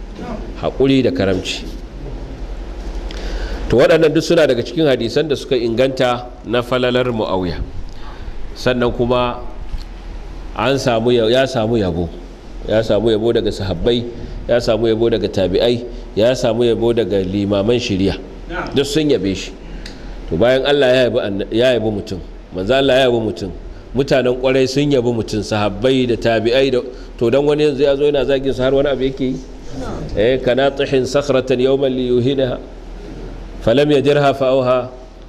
haƙuri da karamci to waɗannan duk suna daga cikin hadisan da suka inganta na falalar mu'awiya sannan kuma an samu ya samu yabo ya samu yabo daga sahabbai ya samu yabo daga tabi'ai ya samu yabo daga limaman shirya duk sun yabe shi to bayan Allah ya yabi mutum manzo Allah ya yabi mutum mutanen kwarai sun yabi mutum sahabbai da tabi'ai da to dan wani yanzu ya zo yana zagin su har wani abu yake yi eh kana tihin sakhratan yawman li yuhinaha falam yajirha fa auha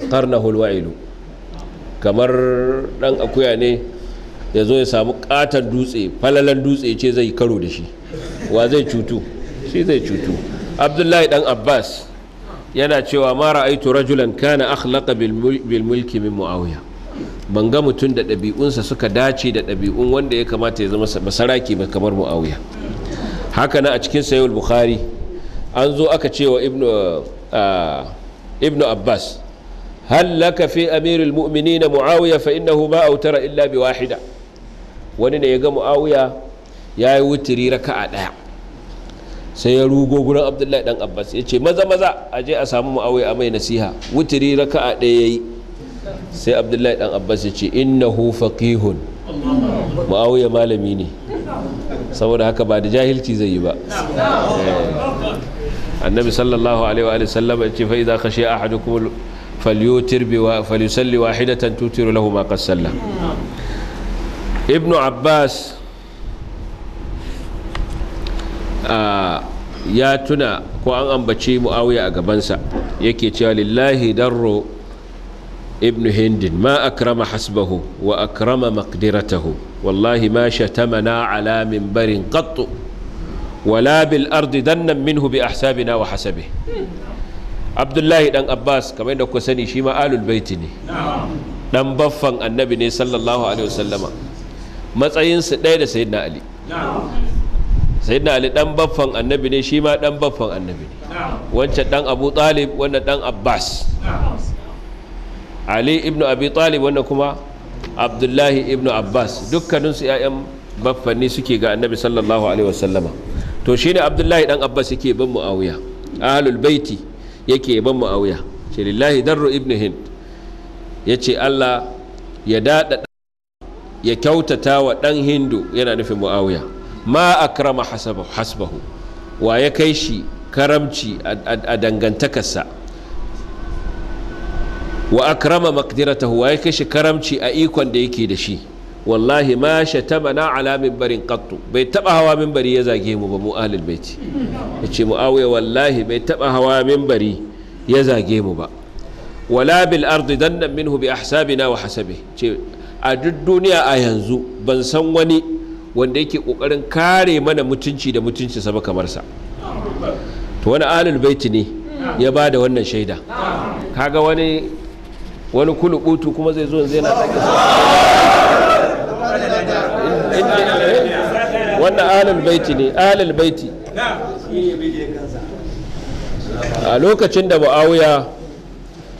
qarnahu alwa'ilu kamar dan akuya ne ya zo ya samu katon dutse falalan dutse ce zai karo da shi wa zai cutu shi zai cutu abdullahi dan abbas yana cewa mara ra'aitu rajulan kana akhlaqa bil mulki min muawiya ban ga mutum da ɗabi'unsa suka dace da ɗabi'un wanda ya kamata ya zama masaraki ba kamar muawiya haka na a cikin sayyid bukhari an zo aka cewa ibnu ibnu abbas hal laka fi amiril mu'minin muawiya fa ba ma autara illa bi wahida wani ne ya ga muawiya yayi wutiri a daya sai ya rugo gurin abdullahi dan abbas ya ce maza maza a je a samu a mai nasiha wutiri raka'a ɗaya yayi sai abdullahi dan abbas ya ce innahu faqihun mu'awiya malami ne saboda haka ba da jahilci zai yi ba eh. annabi sallallahu alaihi wa sallam ya ce fa idza khashiya ahadukum falyutir bi wa falyusalli wahidatan tutiru lahu ma qad ibnu abbas ya tuna ko an ambaci muawiya a gabansa yake cewa lillahi darro ibn hindin ma akrama hasbahu wa akrama maqdiratahu wallahi ma shatamana ala barin qattu wala bil ardi dannan minhu bi ahsabina wa hasabe abdullahi dan abbas kamar yadda kuka sani shi ma alul baiti ne dan baffan annabi ne sallallahu alaihi wasallama matsayinsu ɗaya da sayyidina ali sai na ali dan baffan annabi ne shi ma dan baffan annabi ne wancan dan abu talib wannan dan abbas ali ibn abi talib wannan kuma abdullahi ibn abbas dukkaninsu 'ya'yan baffanni suke ga annabi sallallahu alaihi wasallama to shi ne abdullahi dan abbas yake ban muawiya ahlul baiti yake ban muawiya ce lillahi darru ibn hind ce allah ya dada ya kyautata wa dan hindu yana nufin muawiya ma akrama hasbahu wa ya kai shi karamci a dangantakarsa wa akrama maqdiratahu wa ya kai shi karamci a ikon da yake da shi wallahi ma shatamana ala minbarin qattu bai taba hawa minbari ya zage mu ba mu ahlul baiti yace muawiya wallahi bai taba hawa minbari ya zage mu ba wala bil ardi danna minhu bi ahsabina wa hasabi ce a duk duniya a yanzu ban san wani wanda yake kokarin kare mana mutunci da mutunci sama kamar sa to wani alul baiti ne ya ba da wannan shaida kaga wani wani kulubutu kuma zai zo zai na sake wannan alul baiti ne alul baiti a lokacin da mu'awiya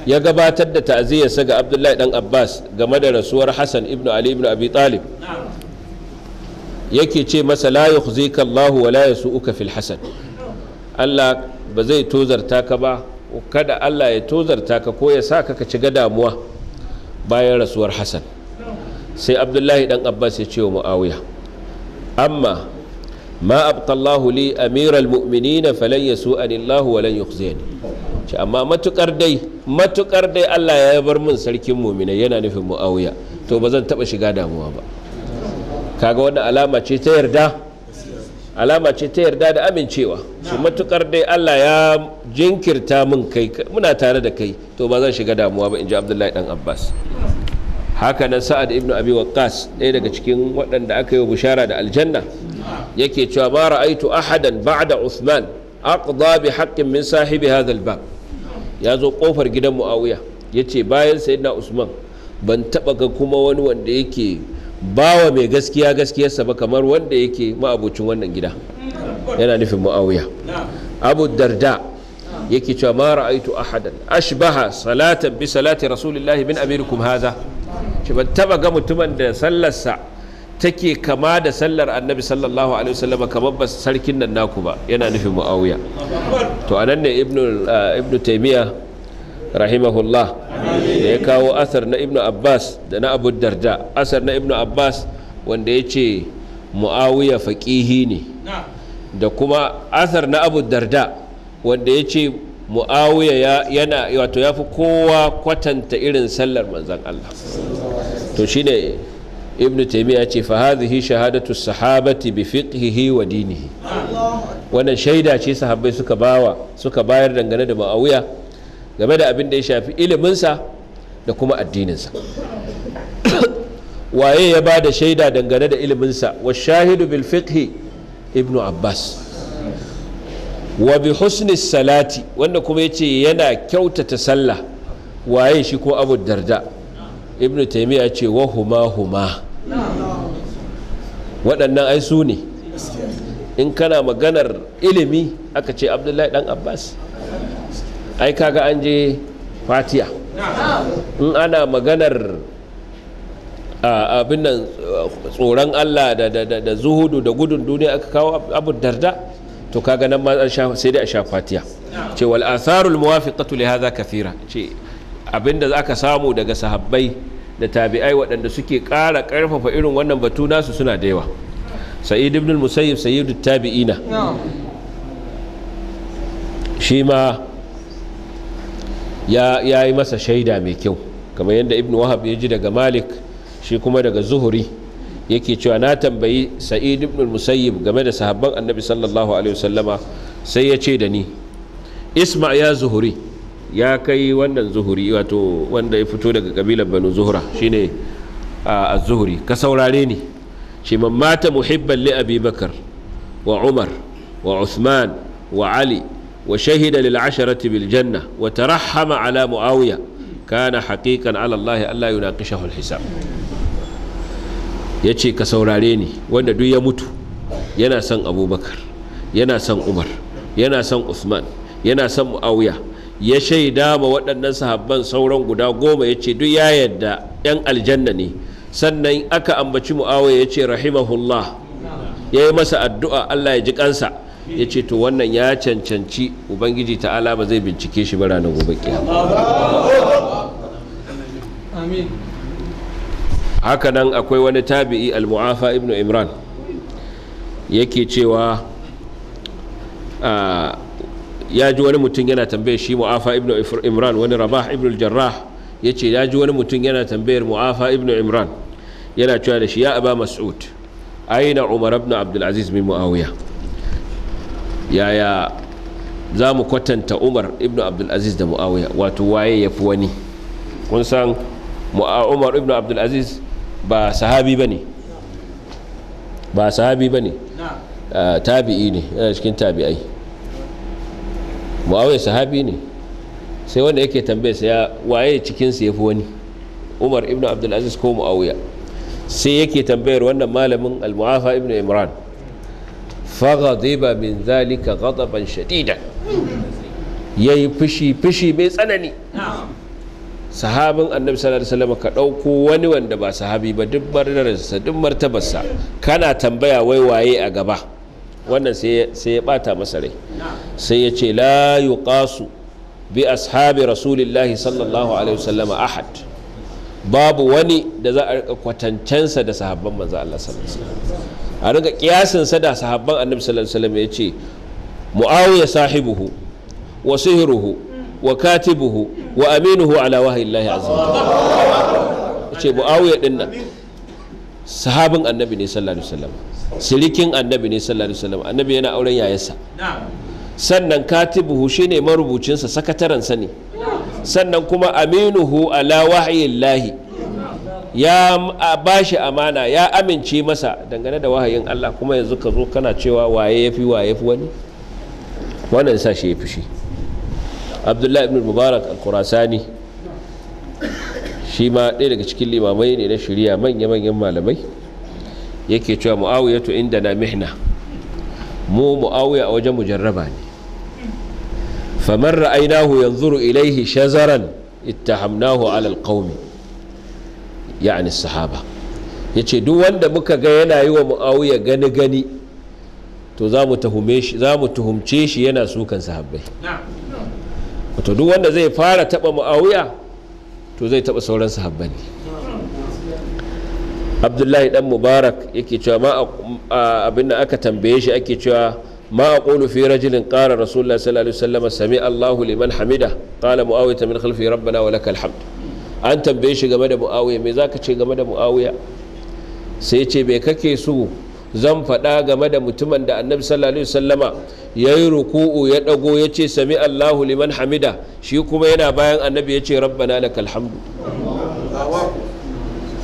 ya gabatar da ta'aziyarsa ga abdullahi dan abbas game da rasuwar hassan ibn ali ibn abi talib yake ce masa la yukhzika Allahu wa la yasu'uka fil Allah ba zai tozarta ka ba kada Allah ya tozarta ka ko ya sa ka ka ciga damuwa bayan rasuwar Hassan sai Abdullahi dan Abbas ya ce wa Muawiya amma ma abqa Allahu li amiral mu'minina falan yasu'ani Allahu wa lan yukhzini ce amma matukar dai matukar dai Allah ya bar mun sarkin mu'minai yana nufin Muawiya to ba zan taba shiga damuwa ba kaga wannan alama ce ta yarda alama ce ta yarda da amincewa su matukar dai Allah ya jinkirta min kai muna tare da kai to ba zan shiga damuwa ba in ji Abdullahi dan Abbas haka nan Sa'ad ibn Abi Waqqas ɗaya daga cikin waɗanda aka yi bushara da aljanna yake cewa ma ra'aitu ahadan ba'da Usman aqda bi haqqin min sahibi hadha al-bab ya zo kofar gidan Muawiya yace bayan sayyidina Usman ban taba ga kuma wani wanda yake bawa mai gaskiya gaskiyarsa ba kamar wanda yake ma'abucin wannan gida yana nufin mu'awiya abu darda yake cewa ma ra'aitu ahadan ashbaha salatan bi salati rasulillahi min amirikum haza ban taba ga mutumin da sallarsa take kama da sallar annabi sallallahu alaihi wasallam kamar ba sarkin nan naku ba yana nufin mu'awiya to anan ne uh, ibnu ibnu taymiya rahimahullah da ya kawo asar na ibnu abbas da na abu darda asar na ibnu abbas wanda ya ce mu'awiya faƙihi ne da kuma asar na abu darda wanda ya ce mu'awiya yana wato ya fi kowa kwatanta irin sallar manzan Allah to shine ibnu taimiyya ce fa shahadatu sahabati bi fiqhihi wa dinihi wannan shaida ce sahabbai suka bawa suka bayar dangane da mu'awiya game da abin da ya shafi iliminsa da kuma addininsa waye ya ba da shaida dangane da iliminsa wa shahidu bil fiqhi ibnu abbas wa bi salati wanda kuma ya ce yana kyautata sallah waye shi ko abu darda ibnu taimiyya ce wa huma huma waɗannan ai su ne in kana maganar ilimi aka ce abdullahi dan abbas ai kaga an je fatiya in ana maganar abin nan tsoron Allah da zuhudu da gudun duniya aka kawo abu darda to kaga nan ma sai dai a sha fatiya ce wal atharul muwafiqatu li hadha kathira ce abinda zaka samu daga sahabbai da tabi'ai waɗanda suke ƙara ƙarfafa irin wannan batu nasu suna da yawa sa'id ibn al-musayyib sayyidut tabi'ina shi ma ya yi masa shaida mai kyau kamar yadda ibn wahab ya ji daga malik shi kuma daga zuhuri yake cewa na tambayi sa'id ibn musayyib game da sahabban annabi sallallahu alaihi wasallama sai ya ce da ni isma ya zuhuri ya kai wannan zuhuri wato wanda ya fito daga kabilar banu zuhura shine a zuhuri ka saurare ni shi man mata muhibban li abi bakar wa umar wa usman wa ali wa shahida lil asharati bil janna wata rahama ala muawiya kana haqiqan ala Allah Allah yunaqishahu al hisab yace ka saurare ni wanda duk ya mutu yana son Abubakar yana son Umar yana son Usman yana son muauya ya shaida ma waɗannan sahabban sauran guda goma yace duk ya yadda yan aljanna ne sannan aka ambaci Muawiya yace rahimahullah yayi masa addu'a Allah ya ji kansa ya ce to wannan ya cancanci ubangiji ta'ala ba zai bincike shi ba ranar gobe haka nan akwai wani tabi'i al-mu'afa ibn imran yake cewa ya ji wani mutum yana tambayar shi mu'afa ibn imran wani rabah ibn jarrah ya ce ya ji wani mutum yana tambayar mu'afa ibn imran yana cewa da shi ya aba mas'ud aina umar ibn abdulaziz bin mu'awiya yaya za mu kwatanta umar ibn abdulaziz da mu'awiya wato waye ya fi wani kun san umar ibn abdulaziz ba sahabi ba ne ba sahabi ba ne ah, tabi'i ne yana cikin tabi'ai mu'awiya sahabi ne sai wanda yake sa ya waye cikinsa ya fi wani umar ibn abdulaziz ko mu'awiya sai yake tambayar wannan malamin al-mu'afa ibn imran faghadiba min zalika ghadaban shadidan yayi fushi fushi mai tsanani sahabin annabi sallallahu alaihi wasallam ka dauko wani wanda ba sahabi ba duk bardarsa duk martabarsa kana tambaya wai waye a gaba wannan sai ya bata masa rai sai ya ce la yuqasu bi ashabi rasulillahi sallallahu alaihi wasallam ahad babu wani da za a kwatancensa da sahabban manzo Allah sallallahu alaihi wasallam a rinka kiyasin sa da sahabban annabi sallallahu alaihi wasallam yace muawiya sahibuhu wa sihruhu wa katibuhu wa aminuhu ala wahillahi azza wa yace muawiya din nan sahabin annabi ne sallallahu alaihi wasallam sirikin annabi ne sallallahu alaihi wasallam annabi yana auren yayarsa sannan katibuhu shine marubucinsa sakataransa ne sannan kuma aminuhu ala wahillahi ya ba shi amana ya amince masa dangane da wahayin Allah kuma yanzu ka zo kana cewa waye yafi waye fi wani wannan sa shi fi shi Abdullahi ibn Mubarak al kurasani shi ma ɗaya daga cikin limamai ne na shiriya manya-manyan malamai yake cewa mu'awiyatu inda na mihna mu mu'awiya a wajen mujarraba ne famar ra'ainahu yanzuru ilaihi shazaran ittahamnahu alal qaumi ya'ani sahaba yace duk wanda muka ga yana yi wa muawiya gani gani to za mu shi tuhumce shi yana sukan sahabbai to duk wanda zai fara taba muawiya to zai taba sauran sahabban ne abdullahi dan mubarak yake cewa abin da aka tambaye shi ake cewa ma a في رجل قال رسول الله sallallahu alaihi عليه وسلم سمع الله لمن حمده قال معاوية من خلفي ربنا ولك الحمد an tambaye shi game da mu'awiya me zaka ce game da mu'awiya sai ce me kake so zan faɗa game da mutumin da annabi sallallahu alaihi wasallama ya yi ruku'u ya ɗago ya ce sami allahu liman hamida shi kuma yana bayan annabi ya ce rabbana lakal hamdu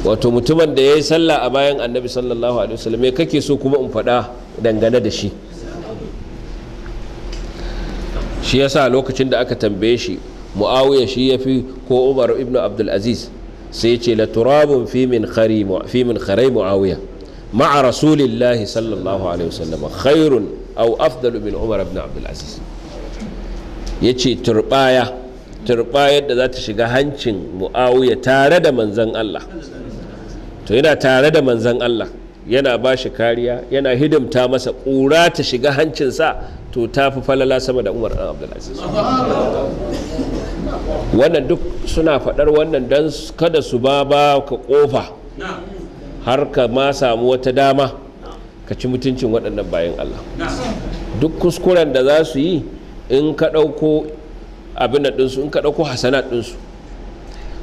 wato mutumin da ya yi sallah a bayan annabi sallallahu alaihi wasallam ya kake so kuma in faɗa dangane da shi shi yasa lokacin da aka tambaye shi muawiya shi yafi ko umar ibn Abdulaziz sai ce la turabun fi min kharai muawiya ma'a rasulillahi sallallahu alaihi wasallam khairun aw afdalu min umar ibn Abdulaziz ya ce turbaya turbayar da za ta shiga hancin muawiya tare da manzan Allah to yana tare da manzon Allah yana ba shi kariya yana hidimta masa ƙura ta shiga hancinsa to ta fi falala sama da umar abdulaziz wannan duk suna faɗar wannan don kada su ba ba ka ƙofa har ka ma samu wata dama ka ci mutuncin waɗannan bayan Allah duk kuskuren da za su yi in ka ɗauko abin ɗinsu in ka ɗauko hasanat ɗinsu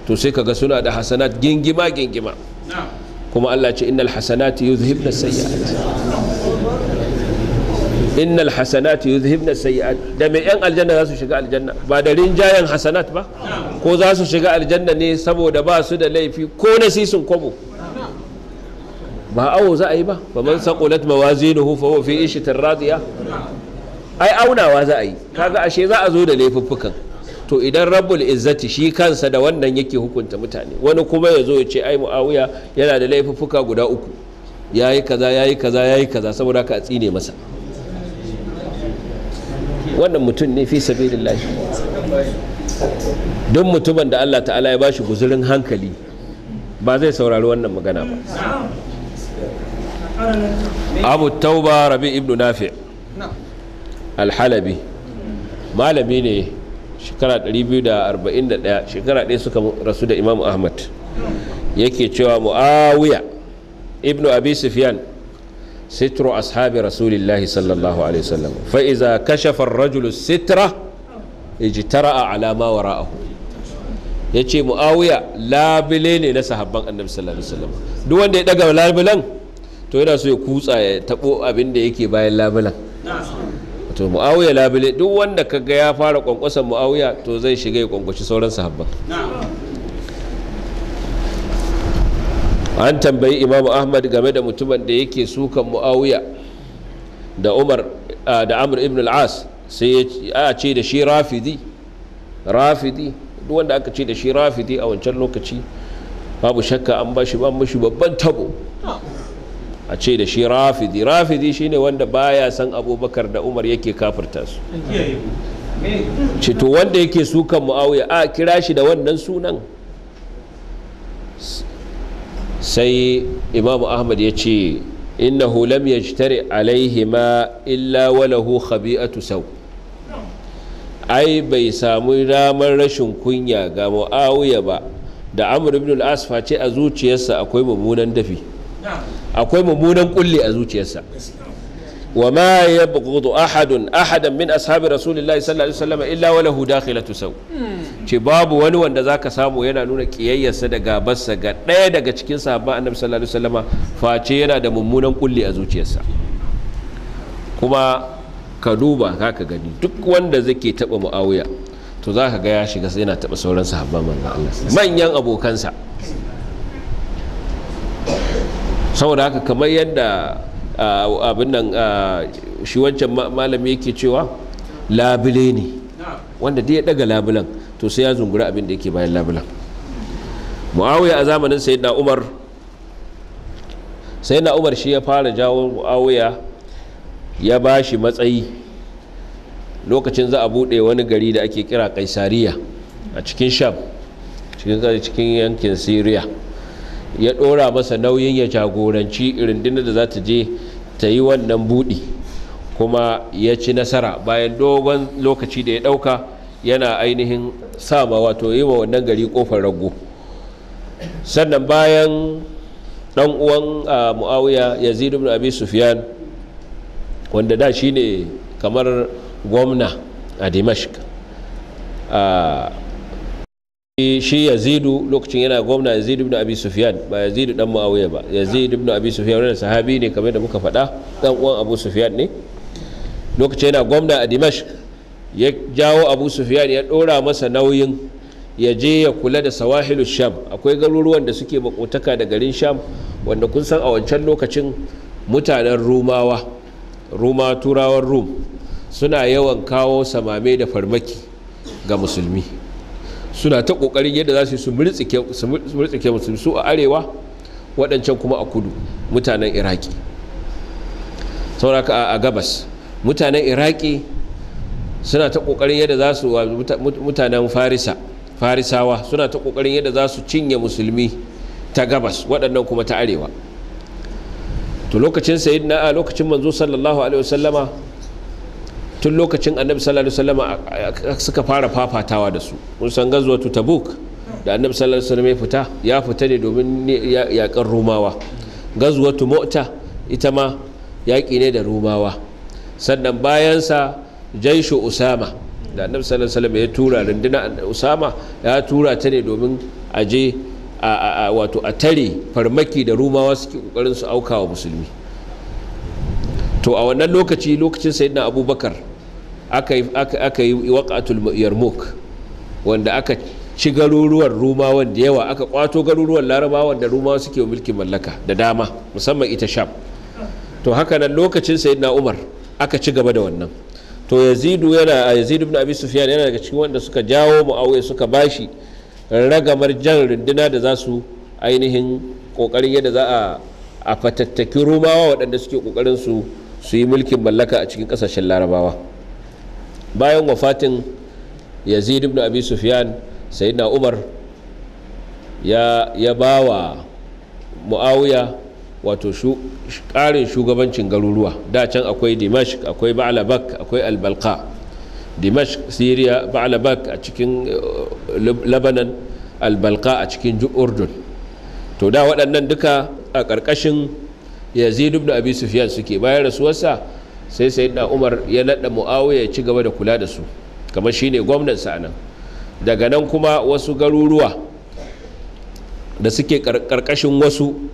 to sai ka ga suna da hasanat gingima gingima kuma Allah ce innal hasanati yuzhibna sayyi'at innal hasanati yuzhibna sayi'at da mai yan aljanna za su shiga aljanna ba da rinjayen hasanat ba ko za su shiga aljanna ne saboda ba su da laifi ko na sisin kwabo ba awo za a yi ba ba man saqulat mawazinuhu fa huwa fi ishatin radiya ai aunawa za a yi kaga ashe za a zo da laifuffukan to idan rabbul izzati shi kansa da wannan yake hukunta mutane wani kuma ya zo ya ce ai muawiya yana da laifuffuka guda uku yayi kaza yayi kaza yayi kaza saboda ka tsine masa wannan mutum ne fi sabilillah don mutumin da Allah ta'ala ya bashi guzurin hankali ba zai saurari wannan magana ba abu tauba rabi ibnu nafi alhalabi malami ne shekara 241 shekara ɗaya suka rasu da imam ahmad yake cewa mu'awiya ibnu abi sufyan sitru ashabi rasulillahi sallallahu alaihi wasallam fa iza kashafa ar-rajulu sitra ijtara'a ala ma wara'ahu yace muawiya labile ne na sahabban annabi sallallahu alaihi wasallam duk wanda ya daga labilan to yana so ya kutsa ya tabo abinda da yake bayan labilan to muawiya labile duk wanda kaga ya fara kwankwasan muawiya to zai shiga ya kwankwashi sauran sahabban an tambayi imamu ahmad game da mutumin da yake sukan mu'awiya da umar da amur ibn al-as sai a ce da shi rafidi rafidi wanda aka ce da shi rafidi a wancan lokaci babu shakka an ba shi ban mushi babban tabo a ce da shi rafidi rafidi shine wanda baya san abubakar da umar yake kafirta su ce wanda yake sukan mu'awiya a kira shi da wannan sunan sai imamu ahmad ya ce innahu lam yajtari alaihi ma illa walahu khabi'atu sau ai bai samu ramar rashin kunya ga mu'awiya ba da amr ibn al face a zuciyarsa akwai mummunan dafi akwai mummunan kulli a zuciyarsa wa ma yabghudu ahadun ahadan min ashabi rasulillahi sallallahu alaihi wasallam illa wa lahu dakhilatu saw ce babu wani wanda zaka samu yana nuna kiyayyarsa da gabarsa ga ɗaya daga cikin sahabban annabi sallallahu alaihi wasallam face yana da mummunan kulli a zuciyarsa kuma ka duba zaka gani duk wanda zake taba muawiya to zaka ga ya shiga sai yana taba sauran sahabban manzon Allah manyan abokansa saboda haka kamar yadda abin nan shi wancan malami yake cewa labule ne wanda dai ya daga labulan to sai ya zungura abin da yake bayan labulan muawiya a zamanin na umar na umar shi ya fara jawo muawiya ya ba shi matsayi lokacin za a buɗe wani gari da ake kira kaisariya a cikin sham cikin yankin syria ya ɗora masa nauyin ya jagoranci irin da za ta je ta yi wannan buɗi kuma ya ci nasara bayan dogon lokaci da ya ɗauka yana ainihin sama wato yi wa wannan gari ƙofar rago sannan bayan ɗan uwan mu'awiya yazid ibn abi sufyan wanda da shi ne kamar gwamna a dimashka shi yazidu lokacin yana gwamna yazidu ibn abi sufyan ba yazidu dan muawiya ba yazidu ibn abi sufyan wani sahabi ne kamar da muka faɗa dan uwan abu sufyan ne lokacin yana gwamna a dimash ya jawo abu sufyan ya ɗora masa nauyin ya je ya kula da sawahilu sham akwai garuruwan da suke makotaka da garin sham wanda kun san a wancan lokacin mutanen rumawa ruma turawan rum suna yawan kawo samame da farmaki ga musulmi suna ta kokarin yadda za su yi su murtsike musu su a arewa waɗancan kuma a kudu mutanen iraki sauraka a gabas mutanen iraki suna ta kokarin yadda za su mutanen farisa farisawa suna ta kokarin yadda za su cinye musulmi ta gabas waɗannan kuma ta arewa to lokacin sayidina a lokacin manzo sallallahu alaihi wasallama tun lokacin annabi sallallahu alaihi wasallam suka fara fafatawa da su mun san gazwatu tabuk da annabi sallallahu alaihi wasallam ya fita ya fita ne domin yakan rumawa gazwatu mu'ta ita ma yaƙi ne da rumawa sannan bayansa jaishu usama da annabi sallallahu alaihi wasallam ya tura rundunar usama ya tura ta ne domin aje a wato a tare farmaki da rumawa suke kokarin su auka wa musulmi to a wannan lokaci lokacin sayyidina abubakar aka yi waƙatul yarmouk wanda aka ci garuruwan rumawan da yawa aka kwato garuruwan larabawan da rumawa suke mulkin mallaka da dama musamman ita sham to haka nan lokacin na umar aka ci gaba da wannan to yazidu yana a yazidu ibn abi sufyan yana daga cikin wanda suka jawo muawiya suka bashi ragamar jan runduna da za su ainihin kokarin yadda za a a fatattaki rumawa waɗanda suke kokarin su su yi mulkin mallaka a cikin kasashen larabawa bayan wafatin yazid ibn abi sufyan sayyidina umar ya ya bawa muawiya wato karin shugabancin garuruwa da can akwai dimashq akwai ba'labak akwai albalqa dimashq syria ba'labak a cikin uh, labanan albalqa a cikin urdun to da waɗannan duka a ƙarƙashin yazid ibn abi sufyan suke bayan rasuwarsa sai na umar ya naɗa muawiya ya ci gaba da kula da su kamar shine gwamnan sa nan daga nan kuma wasu garuruwa da suke karkashin wasu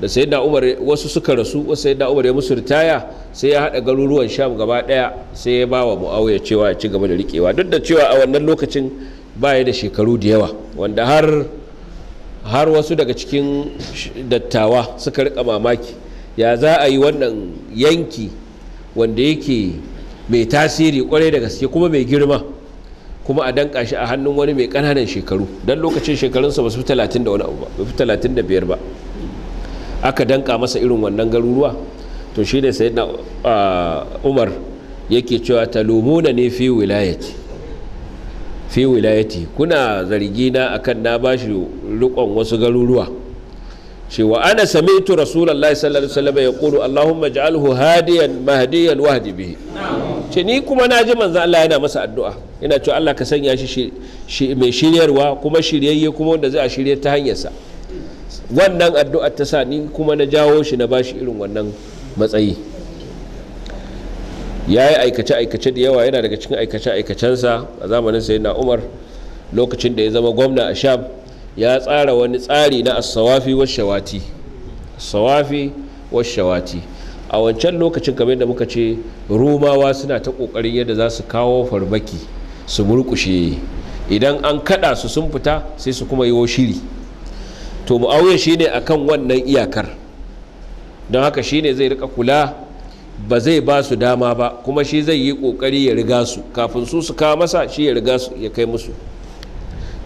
da na umar wasu suka rasu wasu na umar ya musu ritaya sai ya haɗa garuruwan sham gaba ɗaya sai ya ba wa muawiya cewa ya ci gaba da rikewa. duk da cewa a wannan lokacin baya da shekaru da yawa wanda har har wasu daga cikin dattawa suka rika mamaki ya za a yi wannan yanki wanda yake mai tasiri kwarai da gaske kuma mai girma kuma a danka shi a hannun wani mai kananan shekaru don lokacin shekarunsa ba su fi talatin da wani abu ba fi talatin da biyar ba aka danka masa irin wannan garuruwa to shi ne sai umar yake cewa lumuna ne fi wilayati fi wilayati kuna zargina akan na bashi rikon wasu garuruwa cewa ana sami'tu rasulullahi sallallahu alaihi wasallam yaqulu allahumma ij'alhu hadiyan mahdiyan wahdi bihi ce ni kuma na ji manzo Allah yana masa addu'a yana cewa Allah ka sanya shi mai shiryarwa kuma shiryayye kuma wanda za a shirye ta hanyarsa wannan addu'a ta sa ni kuma na jawo shi na bashi irin wannan matsayi ya yi aikace-aikace da yawa yana daga cikin aikace-aikacensa a zamanin sayyidina umar lokacin da ya zama gwamna a sham ya tsara wani tsari na asawafi shawati asawafi shawati a wancan lokacin kamar da muka ce rumawa suna ta kokarin yadda za su kawo farmaki su murkushe idan an kada su sun fita sai su kuma yiwo shiri to mu'awiya shine akan wannan iyakar don haka shine zai rika kula ba zai ba su dama ba kuma shi zai yi kokari ya riga su kafin su su kawo masa shi ya riga su ya kai musu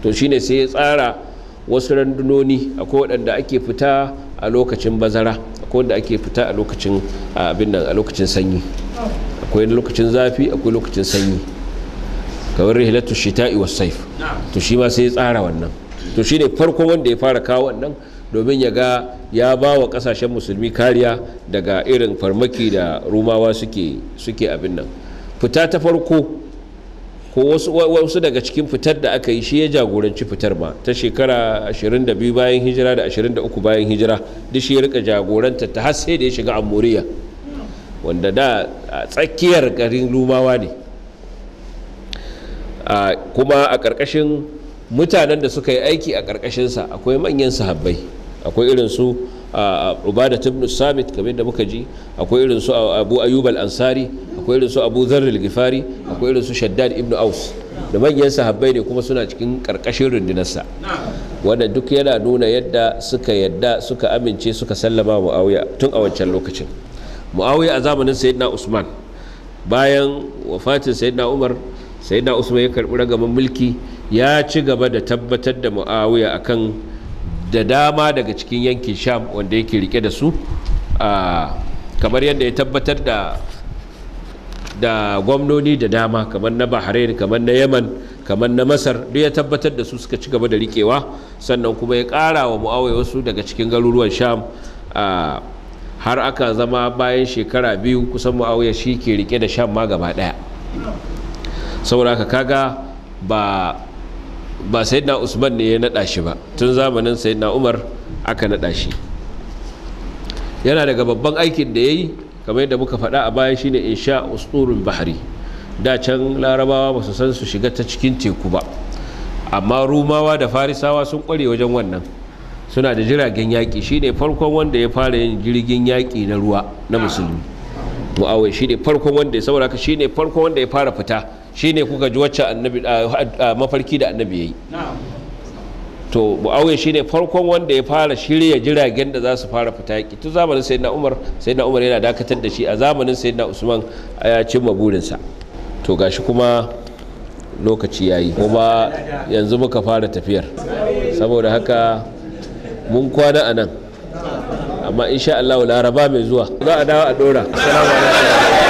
to shine sai ya tsara wasu randunoni akwai waɗanda ake fita a lokacin bazara akwai da ake fita a lokacin abin nan a lokacin sanyi akwai lokacin zafi akwai lokacin sanyi kamar rihilatu shita'i was saif to shi ma sai ya tsara wannan to shine farko wanda ya fara kawo wannan domin ya ga ya ba wa kasashen musulmi kariya daga irin farmaki da rumawa suke suke abin nan fita ta farko ko wasu daga cikin fitar da aka yi shi ya jagoranci fitar ma ta shekara 22 bayan hijira da 23 bayan hijira duk shi ya rika jagoranta ta har sai da ya shiga amuriya wanda da a tsakiyar garin lumawa ne kuma a ƙarƙashin mutanen da suka yi aiki a ƙarƙashinsa akwai manyan sahabbai akwai irin su ubada tibnus samit kamar da muka ji akwai irin su abu ayyub ansari akwai irin su abu zarril gifari akwai irin su shaddad ibnu aus da manyan sahabbai ne kuma suna cikin karkashin rundunarsa wanda duk yana nuna yadda suka yadda suka amince suka sallama muawiya tun a wancan lokacin muawiya a zamanin sayyidina usman bayan wafatin sayyidina umar sayyidina usman ya karbi ragaman mulki ya ci gaba da tabbatar da muawiya akan da dama daga cikin yankin sham wanda yake rike da su kamar yadda ya tabbatar da da gwamnoni da dama kamar na bahrain kamar na yaman kamar na masar duk ya tabbatar da su suka ci gaba da riƙewa sannan kuma ya ƙara wa mu'awai wasu daga cikin garuruwan sham har aka zama bayan shekara biyu kusan mu'awai shi ke rike da sham ma gaba ɗaya saboda ka kaga ba ba sayyidina usman ne ya naɗa shi ba tun zamanin sayyidina umar aka naɗa shi yana daga babban aikin da ya yi kamar yadda muka faɗa a baya shine in insha usturul bahri da can larabawa ba su san su shiga ta cikin teku ba amma rumawa da farisawa sun kware wajen wannan suna da jiragen yaƙi shine farkon wanda ya fara yin jirgin yaƙi na ruwa na musulmi mu'awai shine farkon wanda ya saboda shine farkon wanda ya fara fita shine kuka ji wacce annabi mafarki da annabi yayi to mu'awiya shine farkon wanda ya fara shirya jiragen da za su fara fita yaki tun zamanin sayyidina umar sayyidina umar yana dakatar da shi a zamanin sayyidina usman ya cimma burinsa to gashi kuma lokaci yayi kuma yanzu muka fara tafiyar saboda haka mun kwana a nan amma insha Allah laraba mai zuwa za a dawo a dora assalamu alaikum